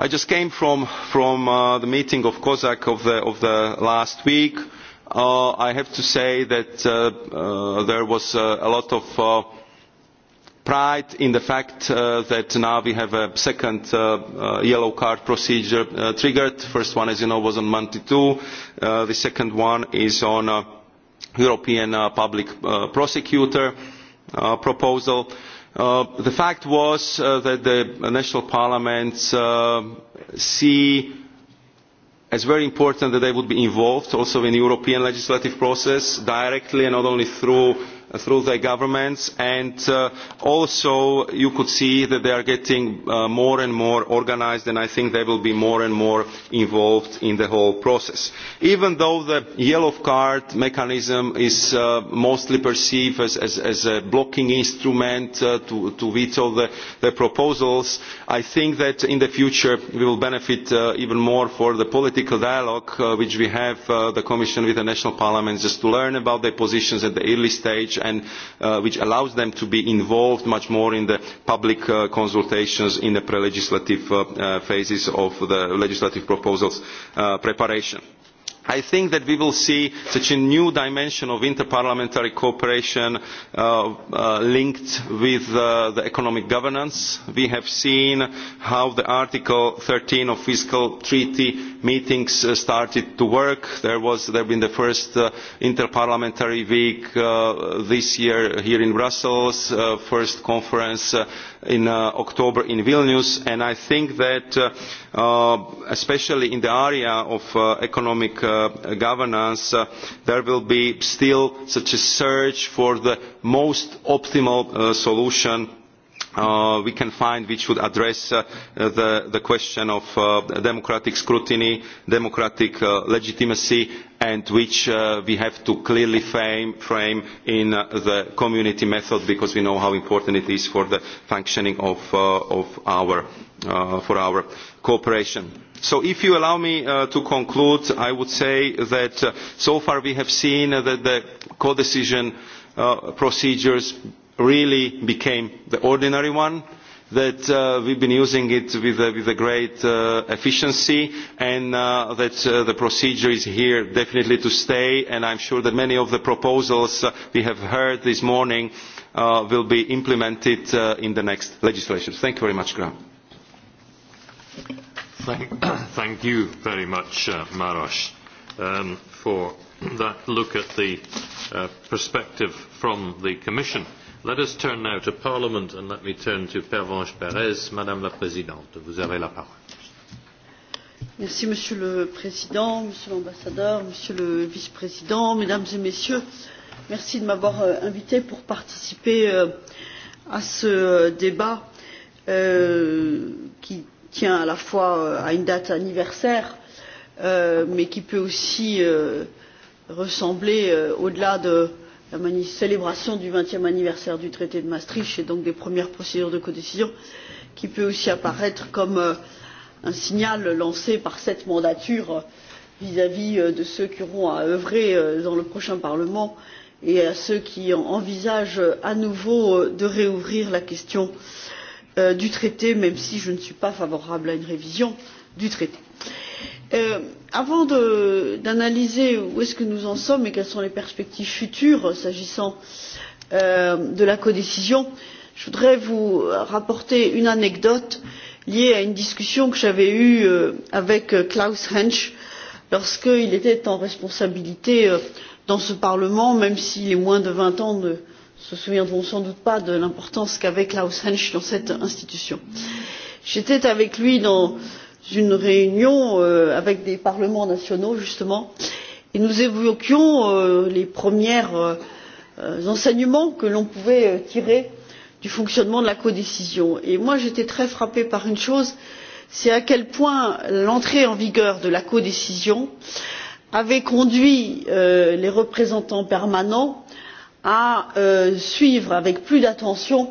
I just came from the meeting of COSAC of the last week. I have to say that there was a lot of pride in the fact that now we have a second yellow card procedure triggered. The first one, as you know, was on Monday 2. The second one is on European Public Prosecutor proposal The fact was that the national parliaments see as very important that they would be involved also in the European legislative process directly and not only through through their governments and also you could see that they are getting more and more organised and I think they will be more and more involved in the whole process. Even though the yellow card mechanism is mostly perceived as a blocking instrument to veto the proposals, I think that in the future we will benefit even more for the political dialogue which we have the Commission with the national parliaments just to learn about their positions at the early stage and which allows them to be involved much more in the public consultations in the pre legislative phases of the legislative proposals preparation. I think that we will see such a new dimension of interparliamentary cooperation linked with the economic governance. We have seen how the Article 13 of Fiscal Treaty meetings started to work. There was been the first interparliamentary week this year here in Brussels, first conference in October in Vilnius, and I think that especially in the area of economic governance, there will be still such a search for the most optimal solution we can find which would address the question of democratic scrutiny, democratic legitimacy and which we have to clearly frame in the community method because we know how important it is for the functioning of our cooperation. So if you allow me to conclude, I would say that so far we have seen that the codecision procedures really became the ordinary one that we've been using it with a great efficiency and that the procedure is here definitely to stay and I'm sure that many of the proposals we have heard this morning will be implemented in the next legislation. Thank you very much, Graham. Thank you very much, Maros, for that look at the perspective from the Commission Let us turn now to Parliament and let me turn to Pervenche Perez. Madame la Présidente, vous avez la parole. Merci Monsieur le Président, Monsieur l'Ambassadeur, Monsieur le Vice-président, Mesdames et Messieurs, merci de m'avoir invité pour participer à ce débat qui tient à la fois à une date anniversaire mais qui peut aussi ressembler au delà de la célébration du vingtième anniversaire du traité de maastricht et donc des premières procédures de codécision qui peut aussi apparaître comme un signal lancé par cette mandature vis à vis de ceux qui auront à œuvrer dans le prochain parlement et à ceux qui envisagent à nouveau de réouvrir la question du traité même si je ne suis pas favorable à une révision du traité. Avant d'analyser où est-ce que nous en sommes et quelles sont les perspectives futures s'agissant de la codécision, je voudrais vous rapporter une anecdote liée à une discussion que j'avais eue avec Klaus Hensch lorsqu'il était en responsabilité dans ce Parlement, même si les moins de 20 ans ne se souviendront sans doute pas de l'importance qu'avait Klaus Hensch dans cette institution. J'étais avec lui dans une réunion avec des parlements nationaux justement et nous évoquions les premiers enseignements que l'on pouvait tirer du fonctionnement de la codécision. j'étais très frappée par une chose c'est à quel point l'entrée en vigueur de la codécision avait conduit les représentants permanents à suivre avec plus d'attention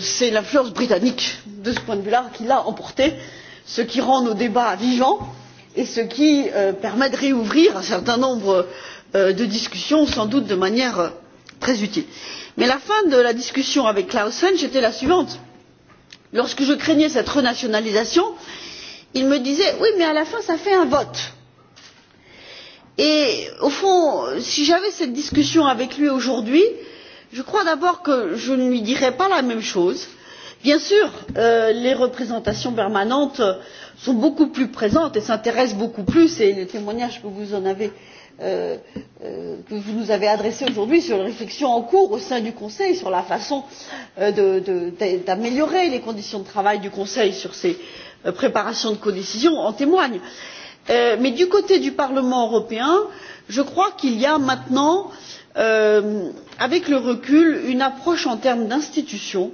c'est l'influence britannique de ce point de vue là qui l'a emporté ce qui rend nos débats vivants et ce qui permet de rouvrir un certain nombre de discussions sans doute de manière très utile. mais la fin de la discussion avec klaus j'étais était la suivante lorsque je craignais cette renationalisation il me disait oui mais à la fin ça fait un vote. et au fond si j'avais cette discussion avec lui aujourd'hui je crois d'abord que je ne lui dirai pas la même chose. bien sûr les représentations permanentes sont beaucoup plus présentes et s'intéressent beaucoup plus et le témoignage que vous nous avez adressé aujourd'hui sur les réflexions en cours au sein du conseil sur la façon d'améliorer les conditions de travail du conseil sur ces préparations de codécision en témoignent. mais du côté du parlement européen je crois qu'il y a maintenant avec le recul une approche en termes d'institutions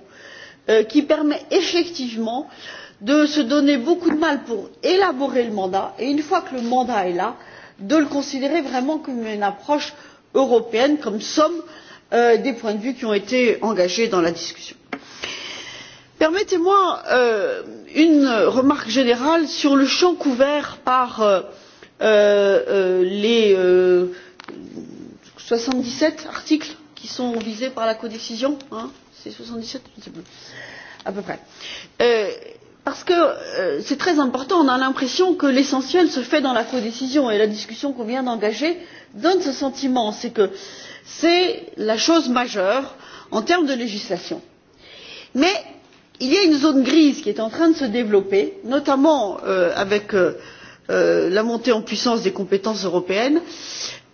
qui permet effectivement de se donner beaucoup de mal pour élaborer le mandat et une fois que le mandat est là de le considérer vraiment comme une approche européenne comme somme des points de vue qui ont été engagés dans la discussion. permettez moi une remarque générale sur le champ couvert par les 77 articles qui sont visés par la codécision, hein, c'est 77 à peu près. Parce que c'est très important, on a l'impression que l'essentiel se fait dans la codécision et la discussion qu'on vient d'engager donne ce sentiment, c'est que c'est la chose majeure en termes de législation. Mais il y a une zone grise qui est en train de se développer, notamment avec la montée en puissance des compétences européennes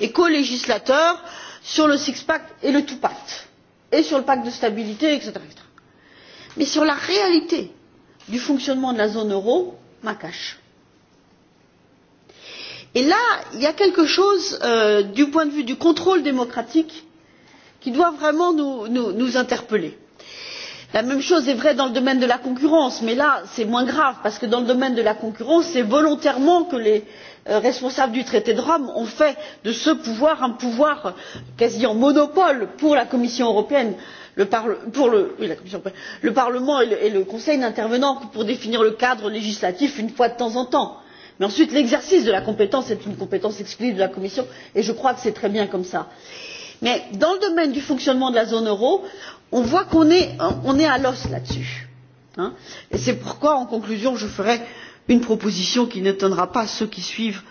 et colégislateur sur le six pack et le two pack et sur le pacte de stabilité etc. mais sur la réalité du fonctionnement de la zone euro ma cache. et là il y a quelque chose du point de vue du contrôle démocratique qui doit vraiment nous interpeller. la même chose est vraie dans le domaine de la concurrence mais là c'est moins grave parce que dans le domaine de la concurrence c'est volontairement que les responsables du traité de rome ont fait de ce pouvoir un pouvoir quasi en monopole pour la commission européenne le parlement et le conseil n'intervenant que pour définir le cadre législatif une fois de temps en temps. mais ensuite l'exercice de la compétence est une compétence exclusive de la commission et je crois que c'est très bien comme cela. mais dans le domaine du fonctionnement de la zone euro on voit qu'on est à l'os là dessus et c'est pourquoi en conclusion je ferai une proposition qui n'étonnera pas ceux qui suivent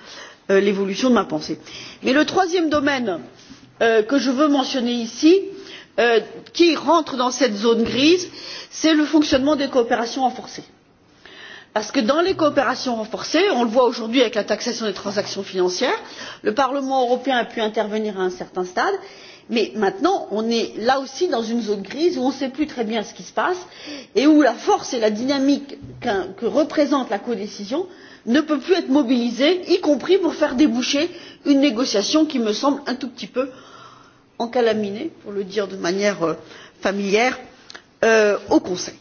l'évolution de ma pensée. mais le troisième domaine que je veux mentionner ici qui rentre dans cette zone grise c'est le fonctionnement des coopérations renforcées parce que dans les coopérations renforcées on le voit aujourd'hui avec la taxation des transactions financières le parlement européen a pu intervenir à un certain stade mais maintenant on est là aussi dans une zone grise où on ne sait plus très bien ce qui se passe et où la force et la dynamique que représente la codécision ne peuvent plus être mobilisées y compris pour faire déboucher une négociation qui me semble un tout petit peu encalaminée pour le dire de manière familière au conseil.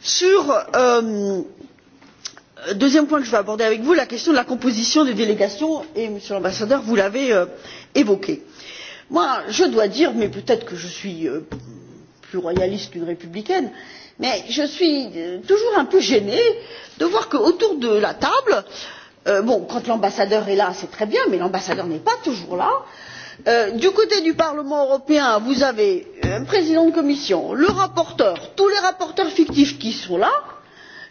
sur le deuxième point que je vais aborder avec vous la question de la composition des délégations et monsieur l'ambassadeur vous l'avez évoquée moi je dois dire mais peut être que je suis plus royaliste qu'une républicaine mais je suis toujours un peu gênée de voir qu'autour de la table bon quand l'ambassadeur est là c'est très bien mais l'ambassadeur n'est pas toujours là du côté du parlement européen vous avez un président de commission le rapporteur tous les rapporteurs fictifs qui sont là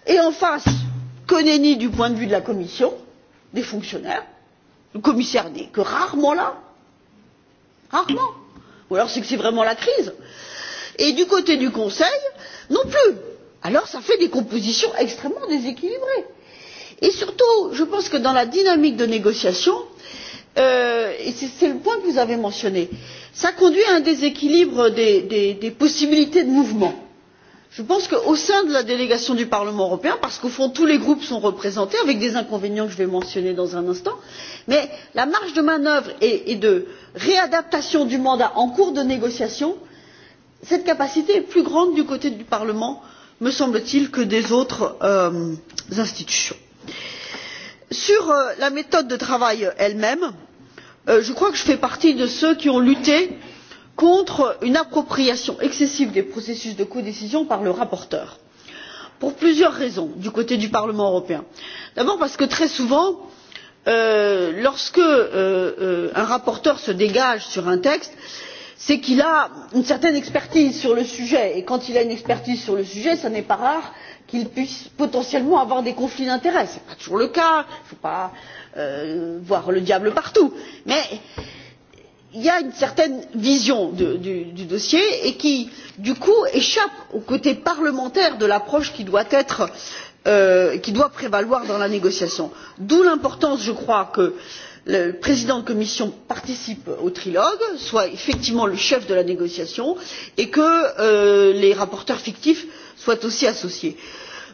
et en face kanneni du point de vue de la commission des fonctionnaires le commissaire n'est que rarement là rarement ou alors c'est que c'est vraiment la crise et du côté du conseil non plus. alors cela fait des compositions extrêmement déséquilibrées. et surtout je pense que dans la dynamique de négociation et c'est le point que vous avez mentionné cela conduit à un déséquilibre des possibilités de mouvement je pense qu'au sein de la délégation du parlement européen parce qu'au fond tous les groupes sont représentés avec des inconvénients que je vais mentionner dans un instant la marge de manœuvre et de réadaptation du mandat en cours de négociation cette capacité est plus grande du côté du parlement me semble t il que des autres institutions. sur la méthode de travail elle même je crois que je fais partie de ceux qui ont lutté contre une appropriation excessive des processus de codécision par le rapporteur pour plusieurs raisons du côté du parlement européen. d'abord parce que très souvent lorsqu'un rapporteur se dégage sur un texte c'est qu'il a une certaine expertise sur le sujet et quand il a une expertise sur le sujet ce n'est pas rare qu'il puisse potentiellement avoir des conflits d'intérêts. ce n'est pas toujours le cas il ne faut pas voir le diable partout mais il y a une certaine vision du dossier et qui du coup échappe au côté parlementaire de l'approche qui doit prévaloir dans la négociation d'où l'importance je crois que le président de commission participe au trilogue soit effectivement le chef de la négociation et que les rapporteurs fictifs soient aussi associés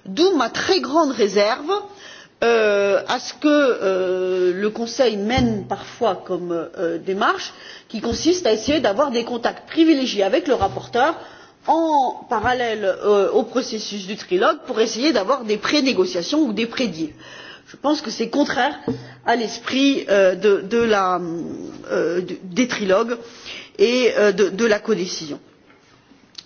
d'où ma très grande réserve à ce que le conseil mène parfois comme démarche qui consiste à essayer d'avoir des contacts privilégiés avec le rapporteur en parallèle au processus du trilogue pour essayer d'avoir des prénégociations ou des prédeals. je pense que c'est contraire à l'esprit des trilogues et de la codécision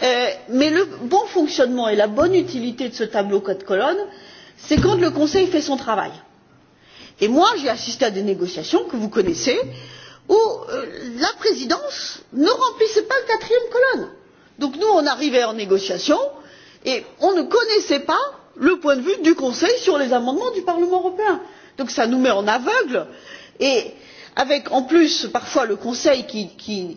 mais le bon fonctionnement et la bonne utilité de ce tableau quatre colonnes c'est quand le conseil fait son travail. et moi j'ai assisté à des négociations que vous connaissez où la présidence ne remplissait pas la quatrième colonne. donc nous on arrivait en négociation et on ne connaissait pas le point de vue du conseil sur les amendements du parlement européen. donc cela nous met en aveugle et avec en plus parfois le conseil qui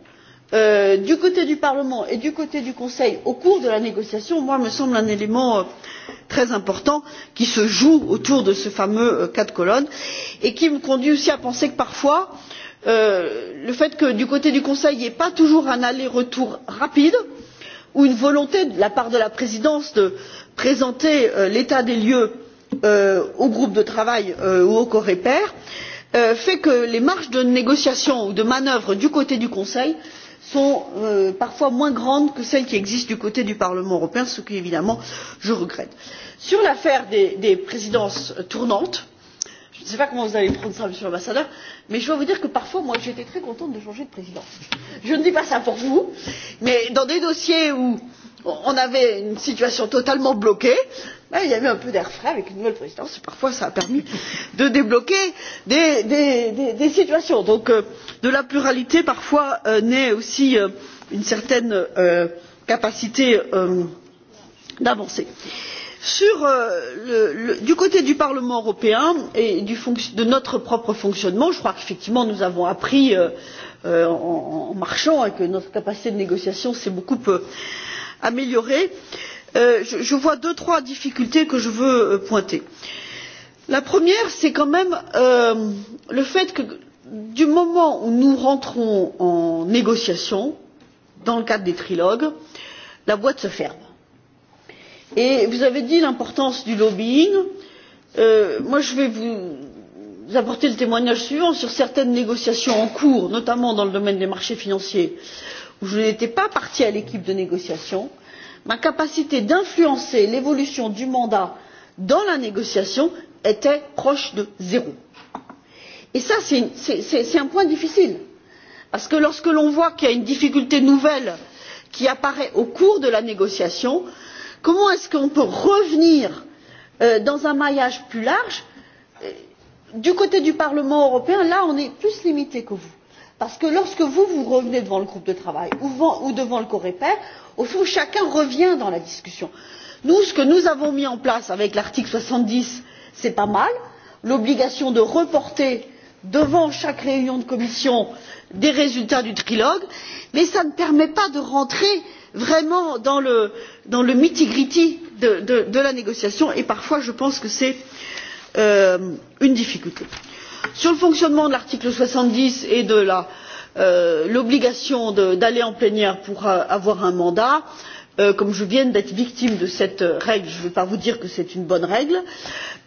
du côté du parlement et du côté du conseil au cours de la négociation me semble un élément très important qui se joue autour de ce fameux quatre colonnes et qui me conduit aussi à penser que parfois le fait que du côté du conseil il n'y ait pas toujours un aller retour rapide ou une volonté de la part de la présidence de présenter l'état des lieux au groupe de travail ou au coreper fait que les marges de négociation ou de manœuvre du côté du conseil sont parfois moins grandes que celles qui existent du côté du parlement européen ce qui, évidemment je regrette. sur l'affaire des présidences tournantes je ne sais pas comment vous allez prendre cela monsieur l'ambassadeur mais je dois vous dire que parfois j'ai été très contente de changer de présidence. je ne dis pas cela pour vous mais dans des dossiers où on avait une situation totalement bloquée il y avait un peu d'air frais avec une nouvelle présidence et parfois ça a permis de débloquer des situations. donc de la pluralité parfois naît aussi une certaine capacité d'avancer. Sur du côté du parlement européen et de notre propre fonctionnement je crois qu'effectivement nous avons appris en marchant et que notre capacité de négociation s'est beaucoup améliorée je vois deux trois difficultés que je veux pointer. la première c'est quand même le fait que du moment où nous rentrons en négociation dans le cadre des trilogues la boîte se ferme. vous avez dit l'importance du lobbying. je vais vous apporter le témoignage suivant sur certaines négociations en cours notamment dans le domaine des marchés financiers où je n'étais pas partie à l'équipe de négociation ma capacité d'influencer l'évolution du mandat dans la négociation était proche de zéro. et c'est un point difficile parce que lorsque l'on voit qu'il y a une difficulté nouvelle qui apparaît au cours de la négociation comment est ce qu'on peut revenir dans un maillage plus large? du côté du parlement européen là on est plus limité que vous parce que lorsque vous vous revenez devant le groupe de travail ou devant le coreper au fond chacun revient dans la discussion. nous ce que nous avons mis en place avec l'article soixante dix c'est pas mal l'obligation de reporter devant chaque réunion de commission des résultats du trilogue mais cela ne permet pas de rentrer vraiment dans le nitty gritty de la négociation et parfois je pense que c'est une difficulté. sur le fonctionnement de l'article soixante dix et de la l'obligation d'aller en plénière pour avoir un mandat comme je viens d'être victime de cette règle je ne veux pas vous dire que c'est une bonne règle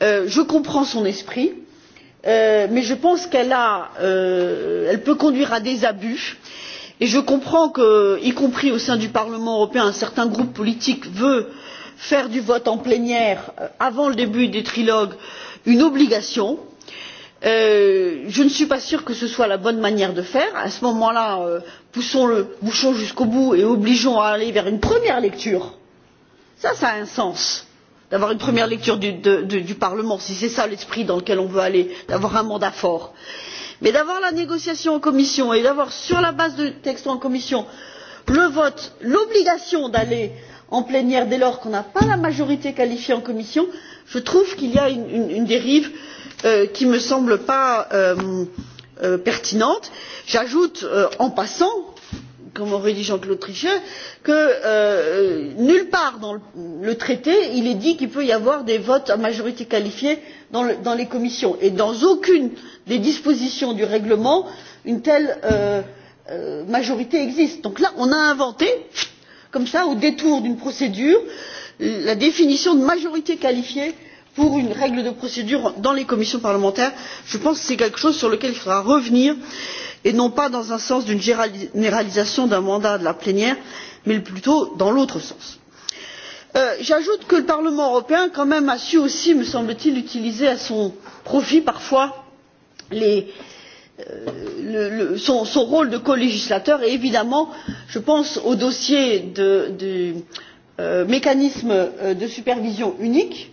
je comprends son esprit mais je pense qu'elle peut conduire à des abus et je comprends qu'y compris au sein du parlement européen un certain groupe politique veut faire du vote en plénière avant le début des trilogues une obligation je ne suis pas sûre que ce soit la bonne manière de faire. à ce moment là poussons le bouchon jusqu'au bout et obligeons à aller vers une première lecture. cela a un sens d'avoir une première lecture du parlement si c'est ça l'esprit dans lequel on veut aller d'avoir un mandat fort. mais d'avoir la négociation en commission et d'avoir sur la base du texte en commission le vote l'obligation d'aller en plénière dès lors qu'on n'a pas la majorité qualifiée en commission je trouve qu'il y a une dérive qui ne me semble pas pertinente. j'ajoute en passant comme aurait dit jean claude trichet que nulle part dans le traité il est dit qu'il peut y avoir des votes à majorité qualifiée dans les commissions et dans aucune des dispositions du règlement une telle majorité existe. donc là on a inventé comme cela au détour d'une procédure la définition de majorité qualifiée pour une règle de procédure dans les commissions parlementaires je pense que c'est quelque chose sur lequel il faudra revenir et non pas dans un sens d'une généralisation d'un mandat de la plénière mais plutôt dans l'autre sens. j'ajoute que le parlement européen quand même a su aussi me semble t il utiliser à son profit parfois son rôle de colégislateur et évidemment je pense au dossier du mécanisme de supervision unique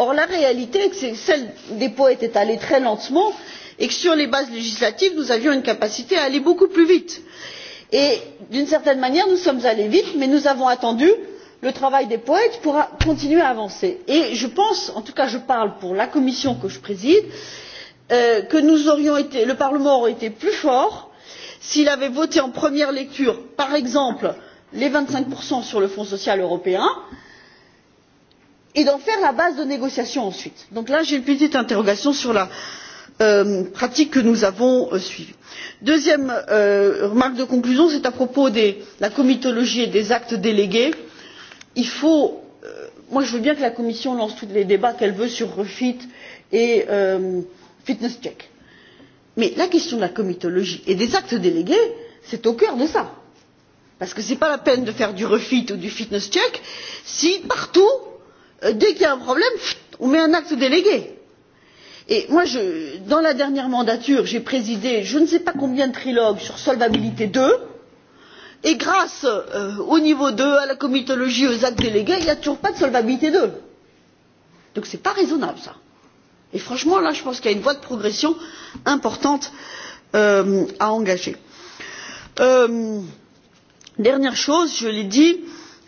or la réalité c'est que celle des poètes est allée très lentement et que sur les bases législatives nous avions une capacité à aller beaucoup plus vite. et d'une certaine manière nous sommes allés vite mais nous avons attendu le travail des poètes pour continuer à avancer. et je pense en tout cas je parle pour la commission que je préside que le parlement aurait été plus fort s'il avait voté en première lecture par exemple les vingt cinq sur le fonds social européen et d'en faire la base de négociation ensuite. donc là j'ai une petite interrogation sur la pratique que nous avons suivie. deuxième remarque de conclusion c'est à propos de la comitologie et des actes délégués. je veux bien que la commission lance tous les débats qu'elle veut sur refit et fitness check mais la question de la comitologie et des actes délégués c'est au cœur de cela parce que ce n'est pas la peine de faire du refit ou du fitness check si partout dès qu'il y a un problème on met un acte délégué. et moi dans la dernière mandature j'ai présidé je ne sais pas combien de trilogues sur solvabilité 2. et grâce au niveau 2 à la comitologie aux actes délégués il n'y a toujours pas de solvabilité 2. donc ce n'est pas raisonnable ça. et franchement là je pense qu'il y a une voie de progression importante à engager. dernière chose je l'ai dit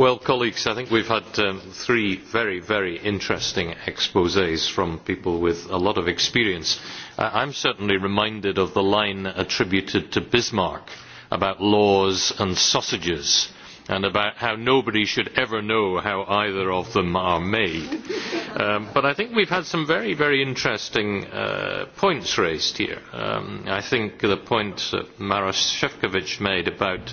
Well, colleagues, I think we've had three very, very interesting exposés from people with a lot of experience. I'm certainly reminded of the line attributed to Bismarck about laws and sausages and about how nobody should ever know how either of them are made. But I think we've had some very, very interesting points raised here. I think the point that Maros Shevkovich made about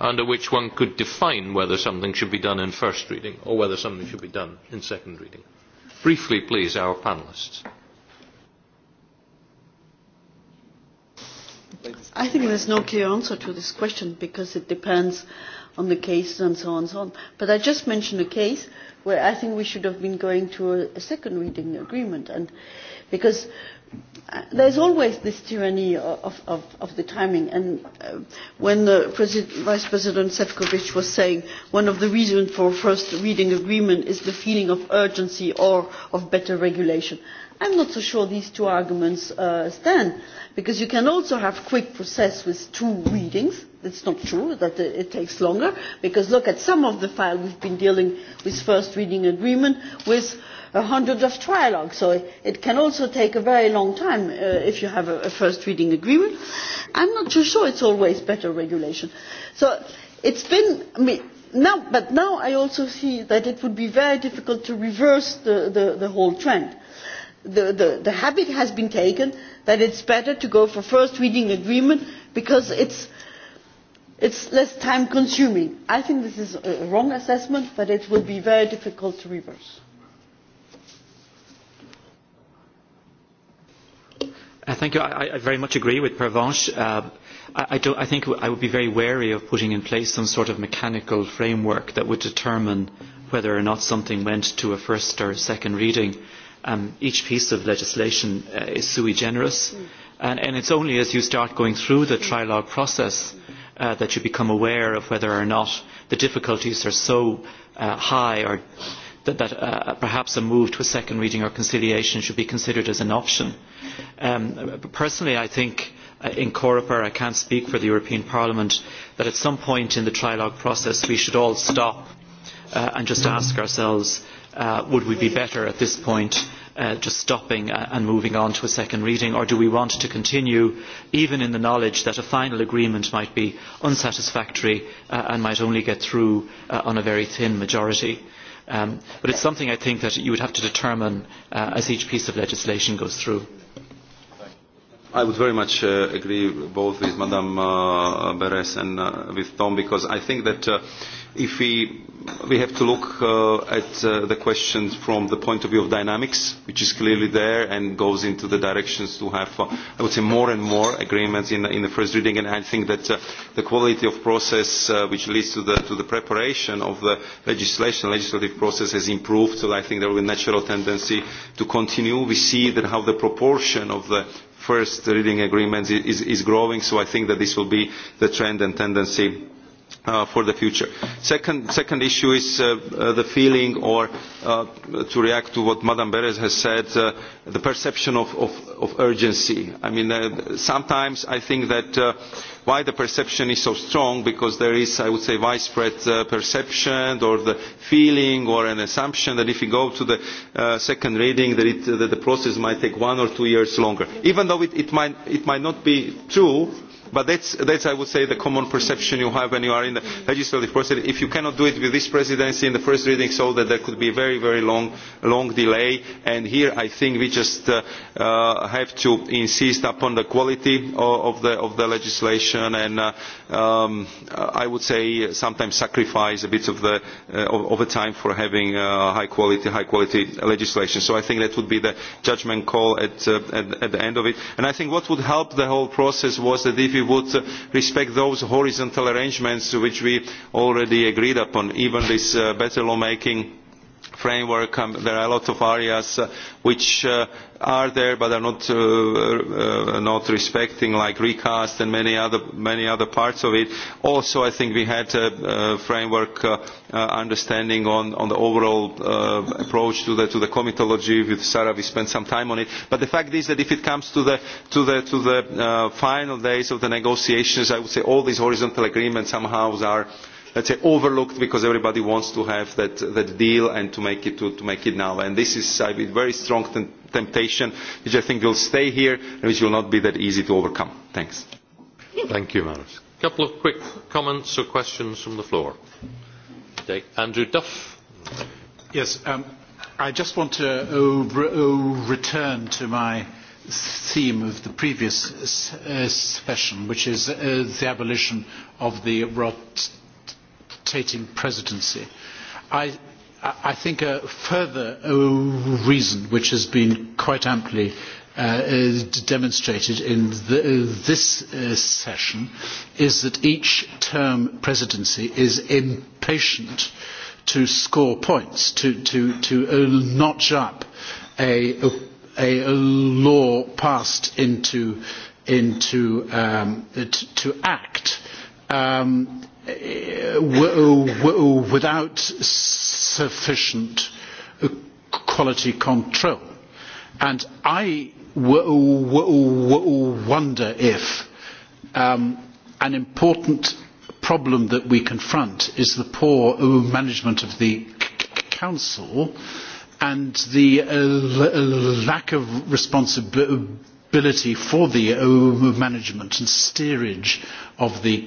under which one could define whether something should be done in first reading or whether something should be done in second reading. Briefly, please, our panellists. I think there's no clear answer to this question because it depends on the case and so on and so on. But I just mentioned a case where I think we should have been going to a second reading agreement and because There is always this tyranny of of the timing, and when Vice President Sefcovic was saying one of the reasons for first reading agreement is the feeling of urgency or of better regulation, I'm not so sure these two arguments stand, because you can also have quick process with two readings It's not true that it takes longer, because look at some of the files we've been dealing with first reading agreement with hundreds hundred of trialogues, so it can also take a very long time if you have a first reading agreement. I'm not too sure it's always better regulation. So it's been but now I also see that it would be very difficult to reverse the whole trend. The habit has been taken that it's better to go for first reading agreement because it's it is less time consuming. i think this is a wrong assessment but it will be very difficult to reverse. Thank you. I very much agree with Pervenche. I think I would be very wary of putting in place some sort of mechanical framework that would determine whether or not something went to a first or second reading. Each piece of legislation is sui generis, and it's only as you start going through the trilogue process that you become aware of whether or not the difficulties are so high or that perhaps a move to a second reading or conciliation should be considered as an option. Personally, I think in Coreper, I can't speak for the European Parliament, that at some point in the trilogue process we should all stop and just ask ourselves, would we be better at this point just stopping and moving on to a second reading, or do we want to continue, even in the knowledge that a final agreement might be unsatisfactory and might only get through on a very thin majority? But it's something I think that you would have to determine as each piece of legislation goes through. I would very much agree both with Madame Beres and with Tom because I think that if we we have to look at the question from the point of view of dynamics, which is clearly there and goes into the directions to have, I would say, more and more agreements in the first reading. And I think that the quality of process which leads to the preparation of the legislation, legislative process has improved. So I think there will be a natural tendency to continue. We see that how the proportion of the first reading agreements is growing so i think that this will be the trend and tendency for the future. The second issue is the feeling or to react to what Madame Beres has said, the perception of urgency. I mean, sometimes I think that why the perception is so strong because there is, I would say, widespread perception or the feeling or an assumption that if we go to the second reading that the process might take one or two years longer. Even though it might not be true, But that's, that's, I would say, the common perception you have when you are in the legislative process. If you cannot do it with this presidency in the first reading, so that there could be a very, very long, long delay. And here I think we just have to insist upon the quality of the, of the legislation and I would say sometimes sacrifice a bit of the of time for having high quality, high quality legislation. So I think that would be the judgment call at, at, the end of it. And I think what would help the whole process was that if would respect those horizontal arrangements which we already agreed upon even this better lawmaking framework there are a lot of areas which are there but are not not respecting like recast and many other many other parts of it also i think we had a framework understanding on the overall approach to the to the comitology with Sarah we spent some time on it but the fact is that if it comes to the to the to the final days of the negotiations i would say all these horizontal agreements somehow are let's say, overlooked because everybody wants to have that deal and to make it now. And this is a very strong temptation, which I think will stay here and which will not be that easy to overcome. Thanks. Thank you, Maris. A couple of quick comments or questions from the floor. Andrew Duff. Yes, I just want to return to my theme of the previous session, which is the abolition of the rotating presidency. I think a further reason, which has been quite amply demonstrated in this session, is that each term presidency is impatient to score points, to notch up a law passed into act without sufficient quality control. And I wonder if an important problem that we confront is the poor management of the Council and the lack of responsibility for the management and steerage of the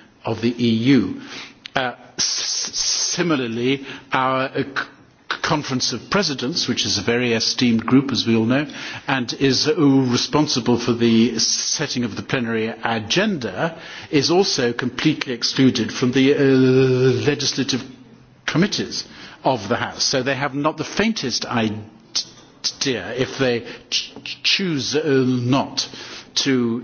of the EU. Similarly, our Conference of Presidents, which is a very esteemed group, as we all know, and is responsible for the setting of the plenary agenda, is also completely excluded from the legislative committees of the House. So they have not the faintest idea, if they choose not to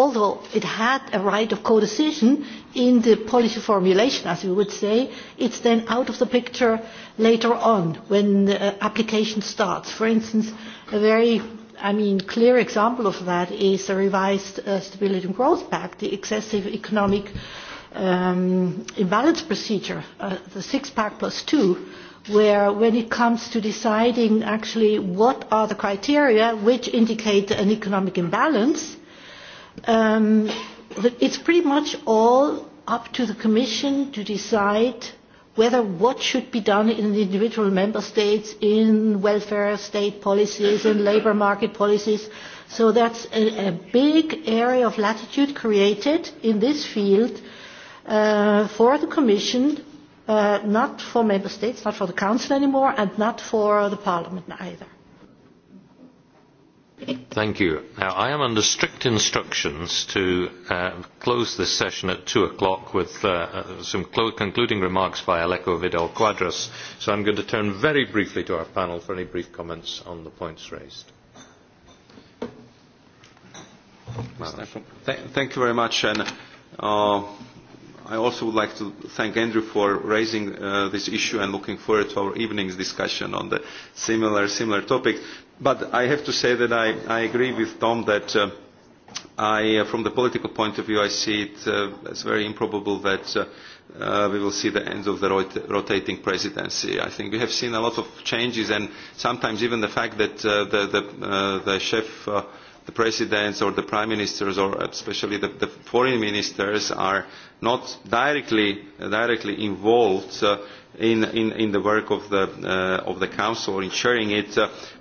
although it had a right of co-decision in the policy formulation, as we would say, it's then out of the picture later on when the application starts. For instance, a very I mean, clear example of that is the revised Stability and Growth Pact, the excessive economic imbalance procedure, the six-pack plus two, where when it comes to deciding actually what are the criteria which indicate an economic imbalance, It's pretty much all up to the Commission to decide whether what should be done in the individual member states in welfare state policies and labour market policies. So that's a big area of latitude created in this field for the Commission, not for member states, not for the Council anymore, and not for the Parliament either. Thank you. Now, I am under strict instructions to close this session at 2 o'clock with some concluding remarks by Aleco Vidal Quadras, so I'm going to turn very briefly to our panel for any brief comments on the points raised. Thank you very much, and I also would like to thank Andrew for raising this issue and looking forward to our evening's discussion on the similar similar topic. But I have to say that I agree with Tom that I, from the political point of view, I see it as very improbable that we will see the end of the rotating presidency. I think we have seen a lot of changes and sometimes even the fact that the chef, the presidents or the prime ministers or especially the foreign ministers are not directly involved in the work of the Council in sharing it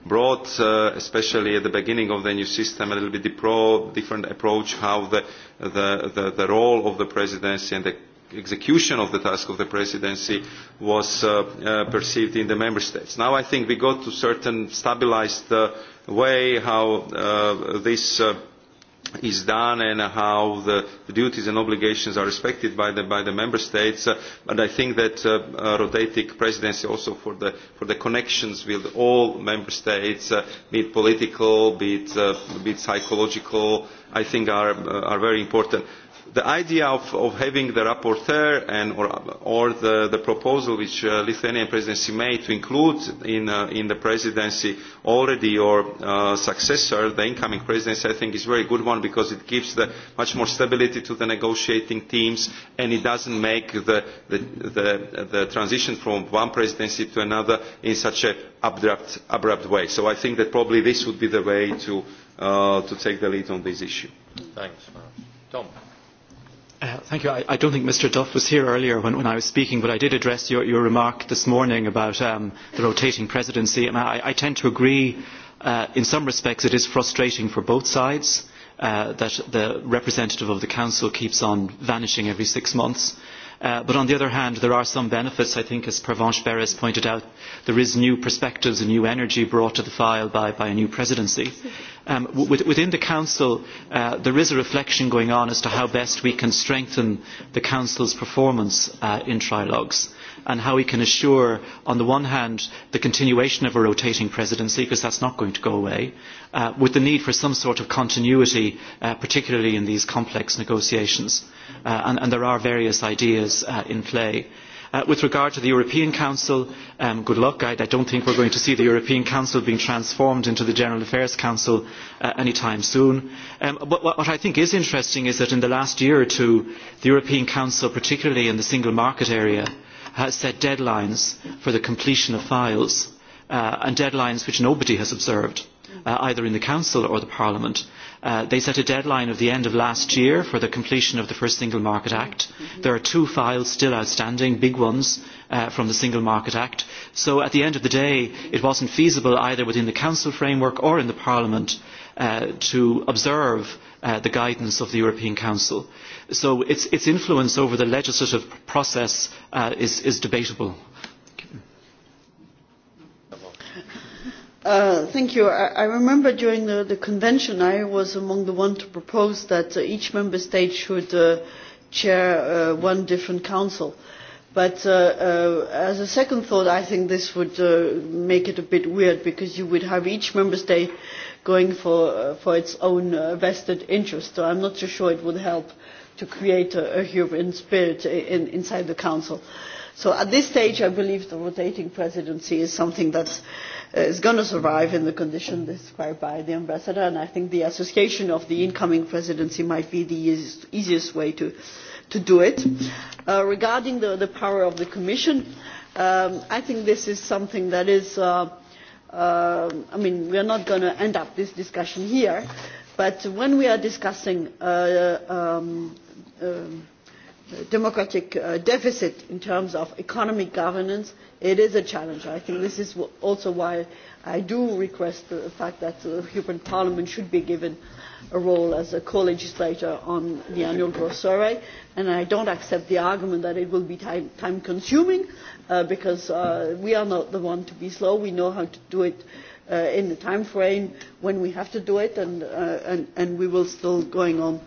brought, especially at the beginning of the new system, a little bit different approach how the role of the Presidency and the execution of the task of the Presidency was perceived in the Member States. Now I think we got to a certain stabilised way how this is done and how the duties and obligations are respected by the member states But i think that the rotating presidency also for the connections with all member states be it political be it psychological i think are very important. The idea of having the rapporteur and or the proposal which the Lithuanian presidency made to include in the presidency already your successor, the incoming presidency, I think is a very good one because it gives much more stability to the negotiating teams and it doesn't make the transition from one presidency to another in such an abrupt way. So I think that probably this would be the way to take the lead on this issue. Thanks. Tom. Thank you. I don't think Mr. Duff was here earlier when I was speaking, but I did address your remark this morning about the rotating presidency, and I tend to agree. In some respects, it is frustrating for both sides that the representative of the Council keeps on vanishing every six months But on the other hand, there are some benefits, I think, as Pervenche Beres pointed out. There is new perspectives and new energy brought to the file by a new presidency. Within the Council, there is a reflection going on as to how best we can strengthen the Council's performance in trilogues and how we can assure, on the one hand, the continuation of a rotating presidency, because that's not going to go away, with the need for some sort of continuity, particularly in these complex negotiations and there are various ideas in play. With regard to the European Council, good luck. I don't think we are going to see the European Council being transformed into the General Affairs Council anytime soon. But What I think is interesting is that in the last year or two, the European Council, particularly in the single market area, has set deadlines for the completion of files, and deadlines which nobody has observed, either in the Council or the Parliament They set a deadline of the end of last year for the completion of the first Single Market Act. There are two files still outstanding, big ones, from the Single Market Act. So at the end of the day, it wasn't feasible either within the Council framework or in the Parliament to observe the guidance of the European Council. So its influence over the legislative process is debatable. Thank you. I remember during the convention I was among the ones to propose that each member state should chair one different council. But as a second thought, I think this would make it a bit weird because you would have each member state going for its own vested interest. So I'm not so sure it would help to create a human spirit inside the council. So at this stage, I believe the rotating presidency is something that's is going to survive in the condition described by the ambassador and i think the association of the incoming presidency might be the easiest way to do it. regarding the power of the commission i think this is something that is i mean we are not going to end up this discussion here but when we are discussing democratic deficit in terms of economic governance, it is a challenge. I think this is also why I do request the fact that the European Parliament should be given a role as a co-legislator on the annual growth survey, and I do not accept the argument that it will be time-consuming, because we are not the one to be slow. We know how to do it in the time frame when we have to do it, and we will still going on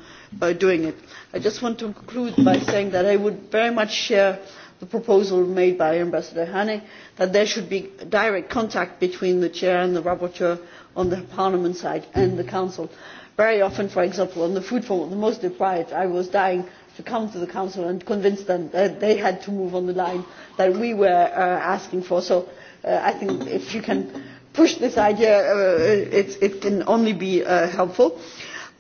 doing it. I just want to conclude by saying that I would very much share the proposal made by Ambassador Hannay that there should be direct contact between the Chair and the Rapporteur on the Parliament side and the Council. Very often, for example, on the food for the most deprived, I was dying to come to the Council and convince them that they had to move on the line that we were asking for. So I think if you can push this idea, it can only be helpful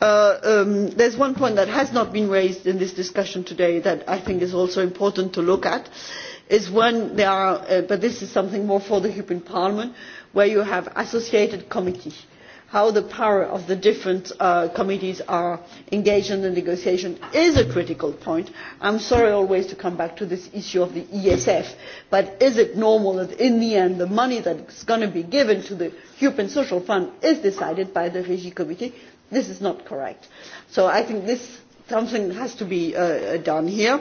there is one point that has not been raised in this discussion today that i think is also important to look at is when there are but this is something more for the european parliament where you have associated committees how the power of the different committees are engaged in the negotiation is a critical point. i am sorry always to come back to this issue of the esf but is it normal that in the end the money that is going to be given to the european social fund is decided by the regi committee? This is not correct. So I think this something has to be done here.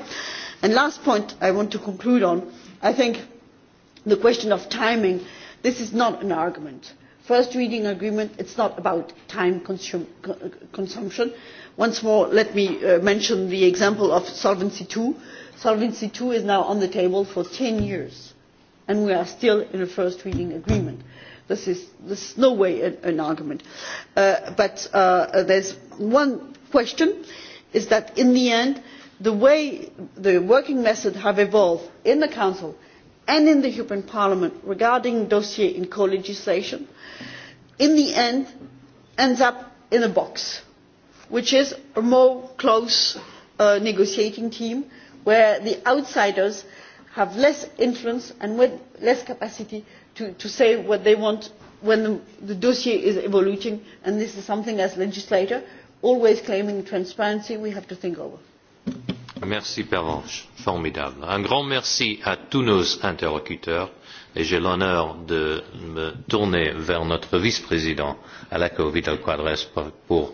And last point I want to conclude on, I think the question of timing, this is not an argument. First reading agreement, it's not about time consumption. Once more, let me mention the example of Solvency II. Solvency II is now on the table for 10 years, and we are still in a first reading agreement. This is no way an argument. But there is one question is that in the end the way the working methods have evolved in the Council and in the European Parliament regarding dossiers in co legislation in the end ends up in a box, which is a more close negotiating team where the outsiders have less influence and less capacity to say what they want when the dossier is evolving and this is something as legislator always claiming transparency we have to think over. Merci Pervenche, formidable. Un grand merci à tous nos interlocuteurs et j'ai l'honneur de me tourner vers notre vice-président à la Vidal Quadres pour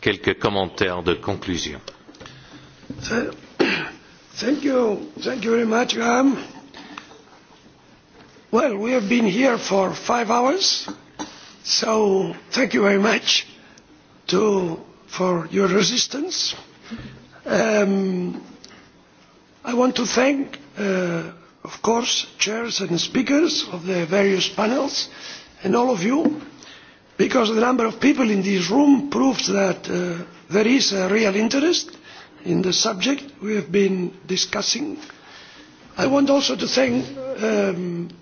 quelques commentaires de conclusion. Thank you. Thank you very much, Graham. Well, we have been here for five hours, so thank you very much for your resistance. I want to thank, of course, chairs and speakers of the various panels and all of you, because the number of people in this room proves that there is a real interest in the subject we have been discussing. I want also to thank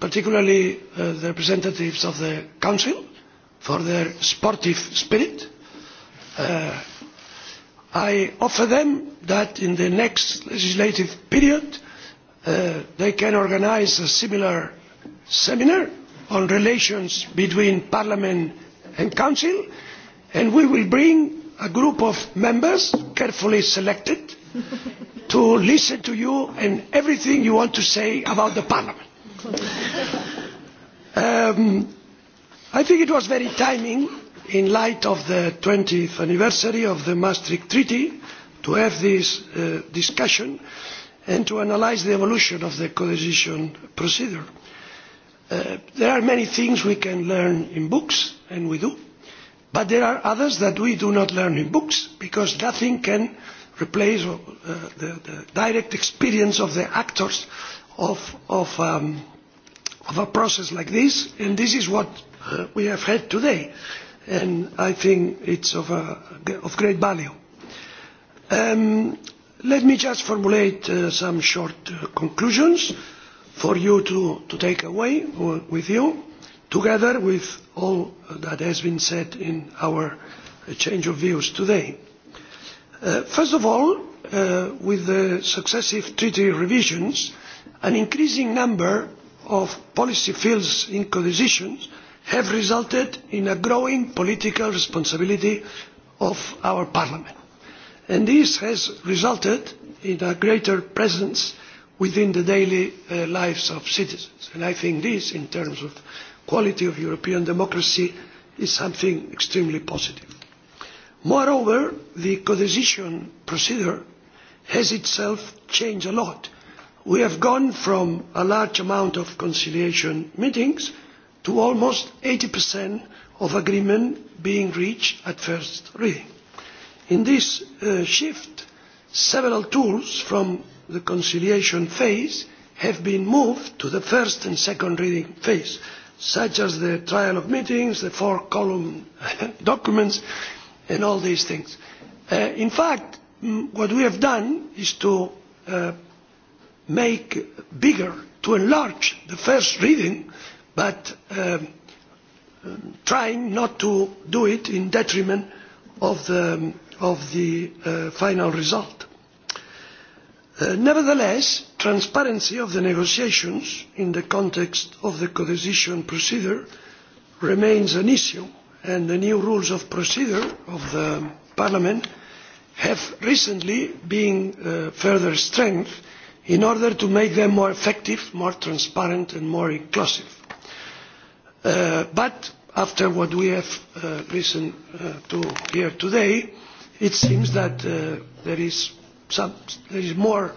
particularly the representatives of the Council, for their sportive spirit. I offer them that in the next legislative period they can organise a similar seminar on relations between Parliament and Council, and we will bring a group of members, carefully selected, to listen to you and everything you want to say about the Parliament. I think it was very timing, in light of the 20th anniversary of the Maastricht Treaty, to have this discussion and to analyse the evolution of the codecision procedure. There are many things we can learn in books, and we do, but there are others that we do not learn in books because nothing can replace the direct experience of the actors of of a process like this, and this is what we have had today, and I think it's of of great value. Let me just formulate some short conclusions for you to take away with you, together with all that has been said in our change of views today. First of all, with the successive treaty revisions, an increasing number of policy fields in codecision have resulted in a growing political responsibility of our Parliament, and this has resulted in a greater presence within the daily lives of citizens. And I think this, in terms of quality of European democracy, is something extremely positive. Moreover, the codecision procedure has itself changed a lot. We have gone from a large amount of conciliation meetings to almost 80% of agreement being reached at first reading. In this shift, several tools from the conciliation phase have been moved to the first and second reading phase, such as the trial of meetings, the four column documents and all these things. In fact, what we have done is to make bigger, to enlarge the first reading, but trying not to do it in detriment of the final result. Nevertheless, transparency of the negotiations in the context of the codecision procedure remains an issue and the new rules of procedure of the Parliament have recently been further strengthened in order to make them more effective, more transparent and more inclusive. But after what we have listened to here today, it seems that there is more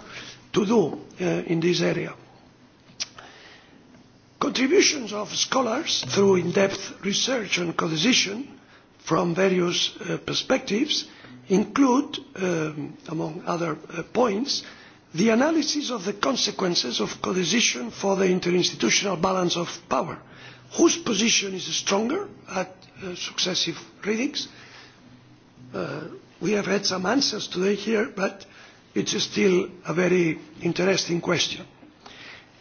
to do in this area Contributions of scholars through in-depth research on codecision from various perspectives include, among other points, the analysis of the consequences of codecision for the interinstitutional balance of power, whose position is stronger at successive readings. We have had some answers today here, but it is still a very interesting question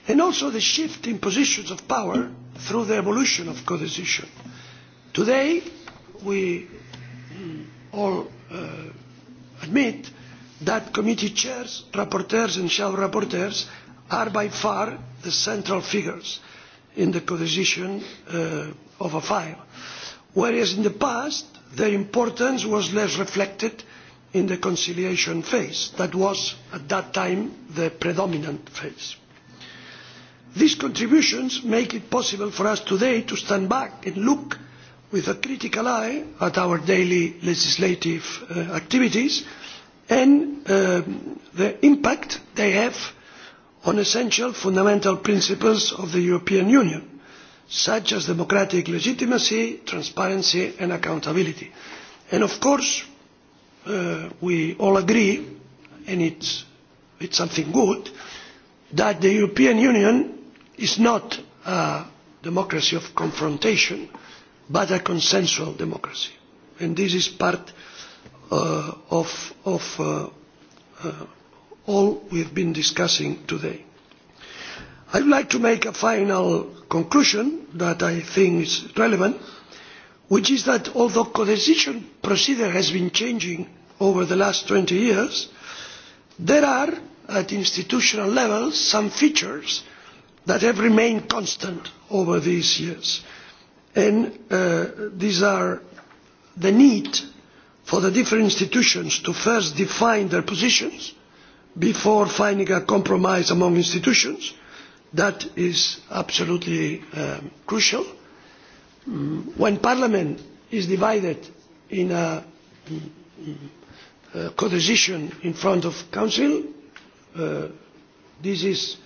and also the shift in positions of power through the evolution of codecision. Today, we all admit that committee chairs, rapporteurs and shadow rapporteurs are by far the central figures in the codecision of a file, whereas in the past their importance was less reflected in the conciliation phase. That was at that time the predominant phase These contributions make it possible for us today to stand back and look with a critical eye at our daily legislative activities and the impact they have on essential fundamental principles of the European Union, such as democratic legitimacy, transparency and accountability. And of course, we all agree, and it's something good, that the European Union is not a democracy of confrontation but a consensual democracy and this is part of all we have been discussing today. I would like to make a final conclusion that I think is relevant, which is that although codecision procedure has been changing over the last 20 years, there are at institutional level some features that have remained constant over these years and these are the need for the different institutions to first define their positions before finding a compromise among institutions that is absolutely crucial. when parliament is divided in a co-decision in front of council this is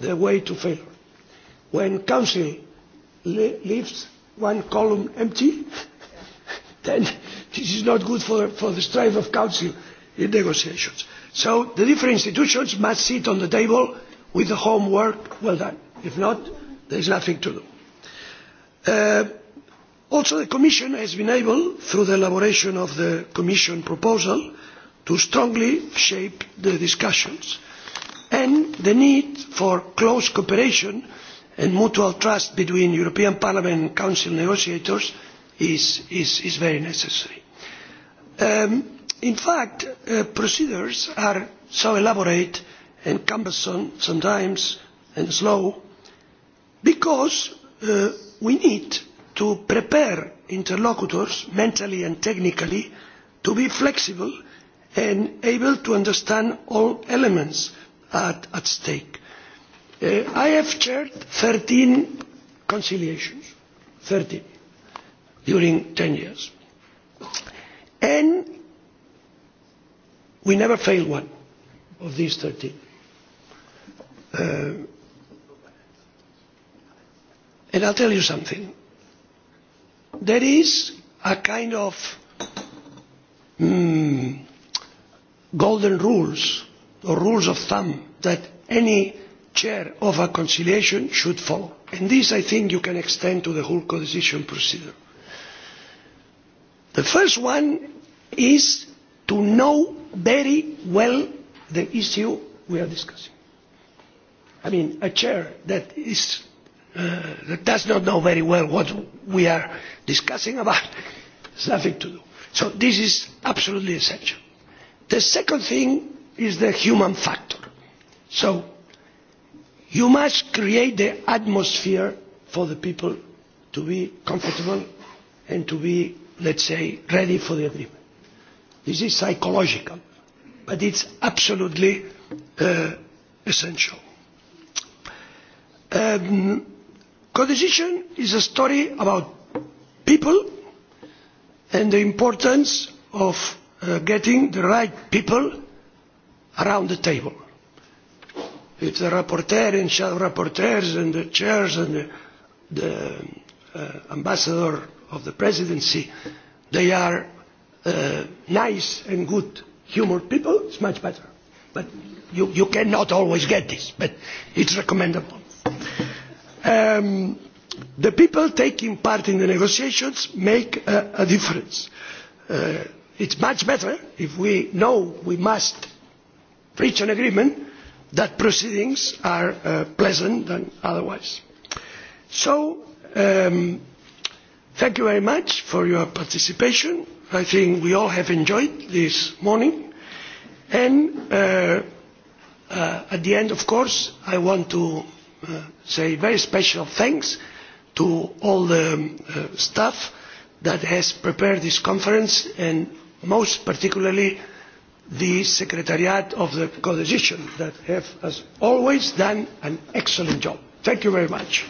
the way to failure. When Council leaves one column empty, then this is not good for, for the strive of Council in negotiations. So the different institutions must sit on the table with the homework well done. If not, there is nothing to do. Also the Commission has been able, through the elaboration of the Commission proposal, to strongly shape the discussions and the need for close cooperation and mutual trust between European Parliament and Council negotiators is very necessary. In fact, procedures are so elaborate and cumbersome sometimes and slow because we need to prepare interlocutors mentally and technically to be flexible and able to understand all elements at stake. I have chaired 13 conciliations, 13, during 10 years. And we never failed one of these 13. And I'll tell you something. There is a kind of golden rules or rules of thumb that any chair of a conciliation should follow. And this I think you can extend to the whole codecision procedure. The first one is to know very well the issue we are discussing. I mean, a chair that that does not know very well what we are discussing about has nothing to do. So this is absolutely essential. The second thing is the human factor So you must create the atmosphere for the people to be comfortable and to be, let's say, ready for the agreement. This is psychological, but it's absolutely essential. co-decision is a story about people and the importance of getting the right people around the table with the rapporteur and shadow rapporteurs and the chairs and the ambassador of the presidency. They are nice and good humoured people. It's much better. But you, you cannot always get this, but it's recommendable. the people taking part in the negotiations make a, difference. it's much better if we know we must reach an agreement that proceedings are pleasant than otherwise. So thank you very much for your participation. I think we all have enjoyed this morning and at the end of course I want to say very special thanks to all the staff that has prepared this conference and most particularly the Secretariat of the Coalition that have, as always, done an excellent job. Thank you very much.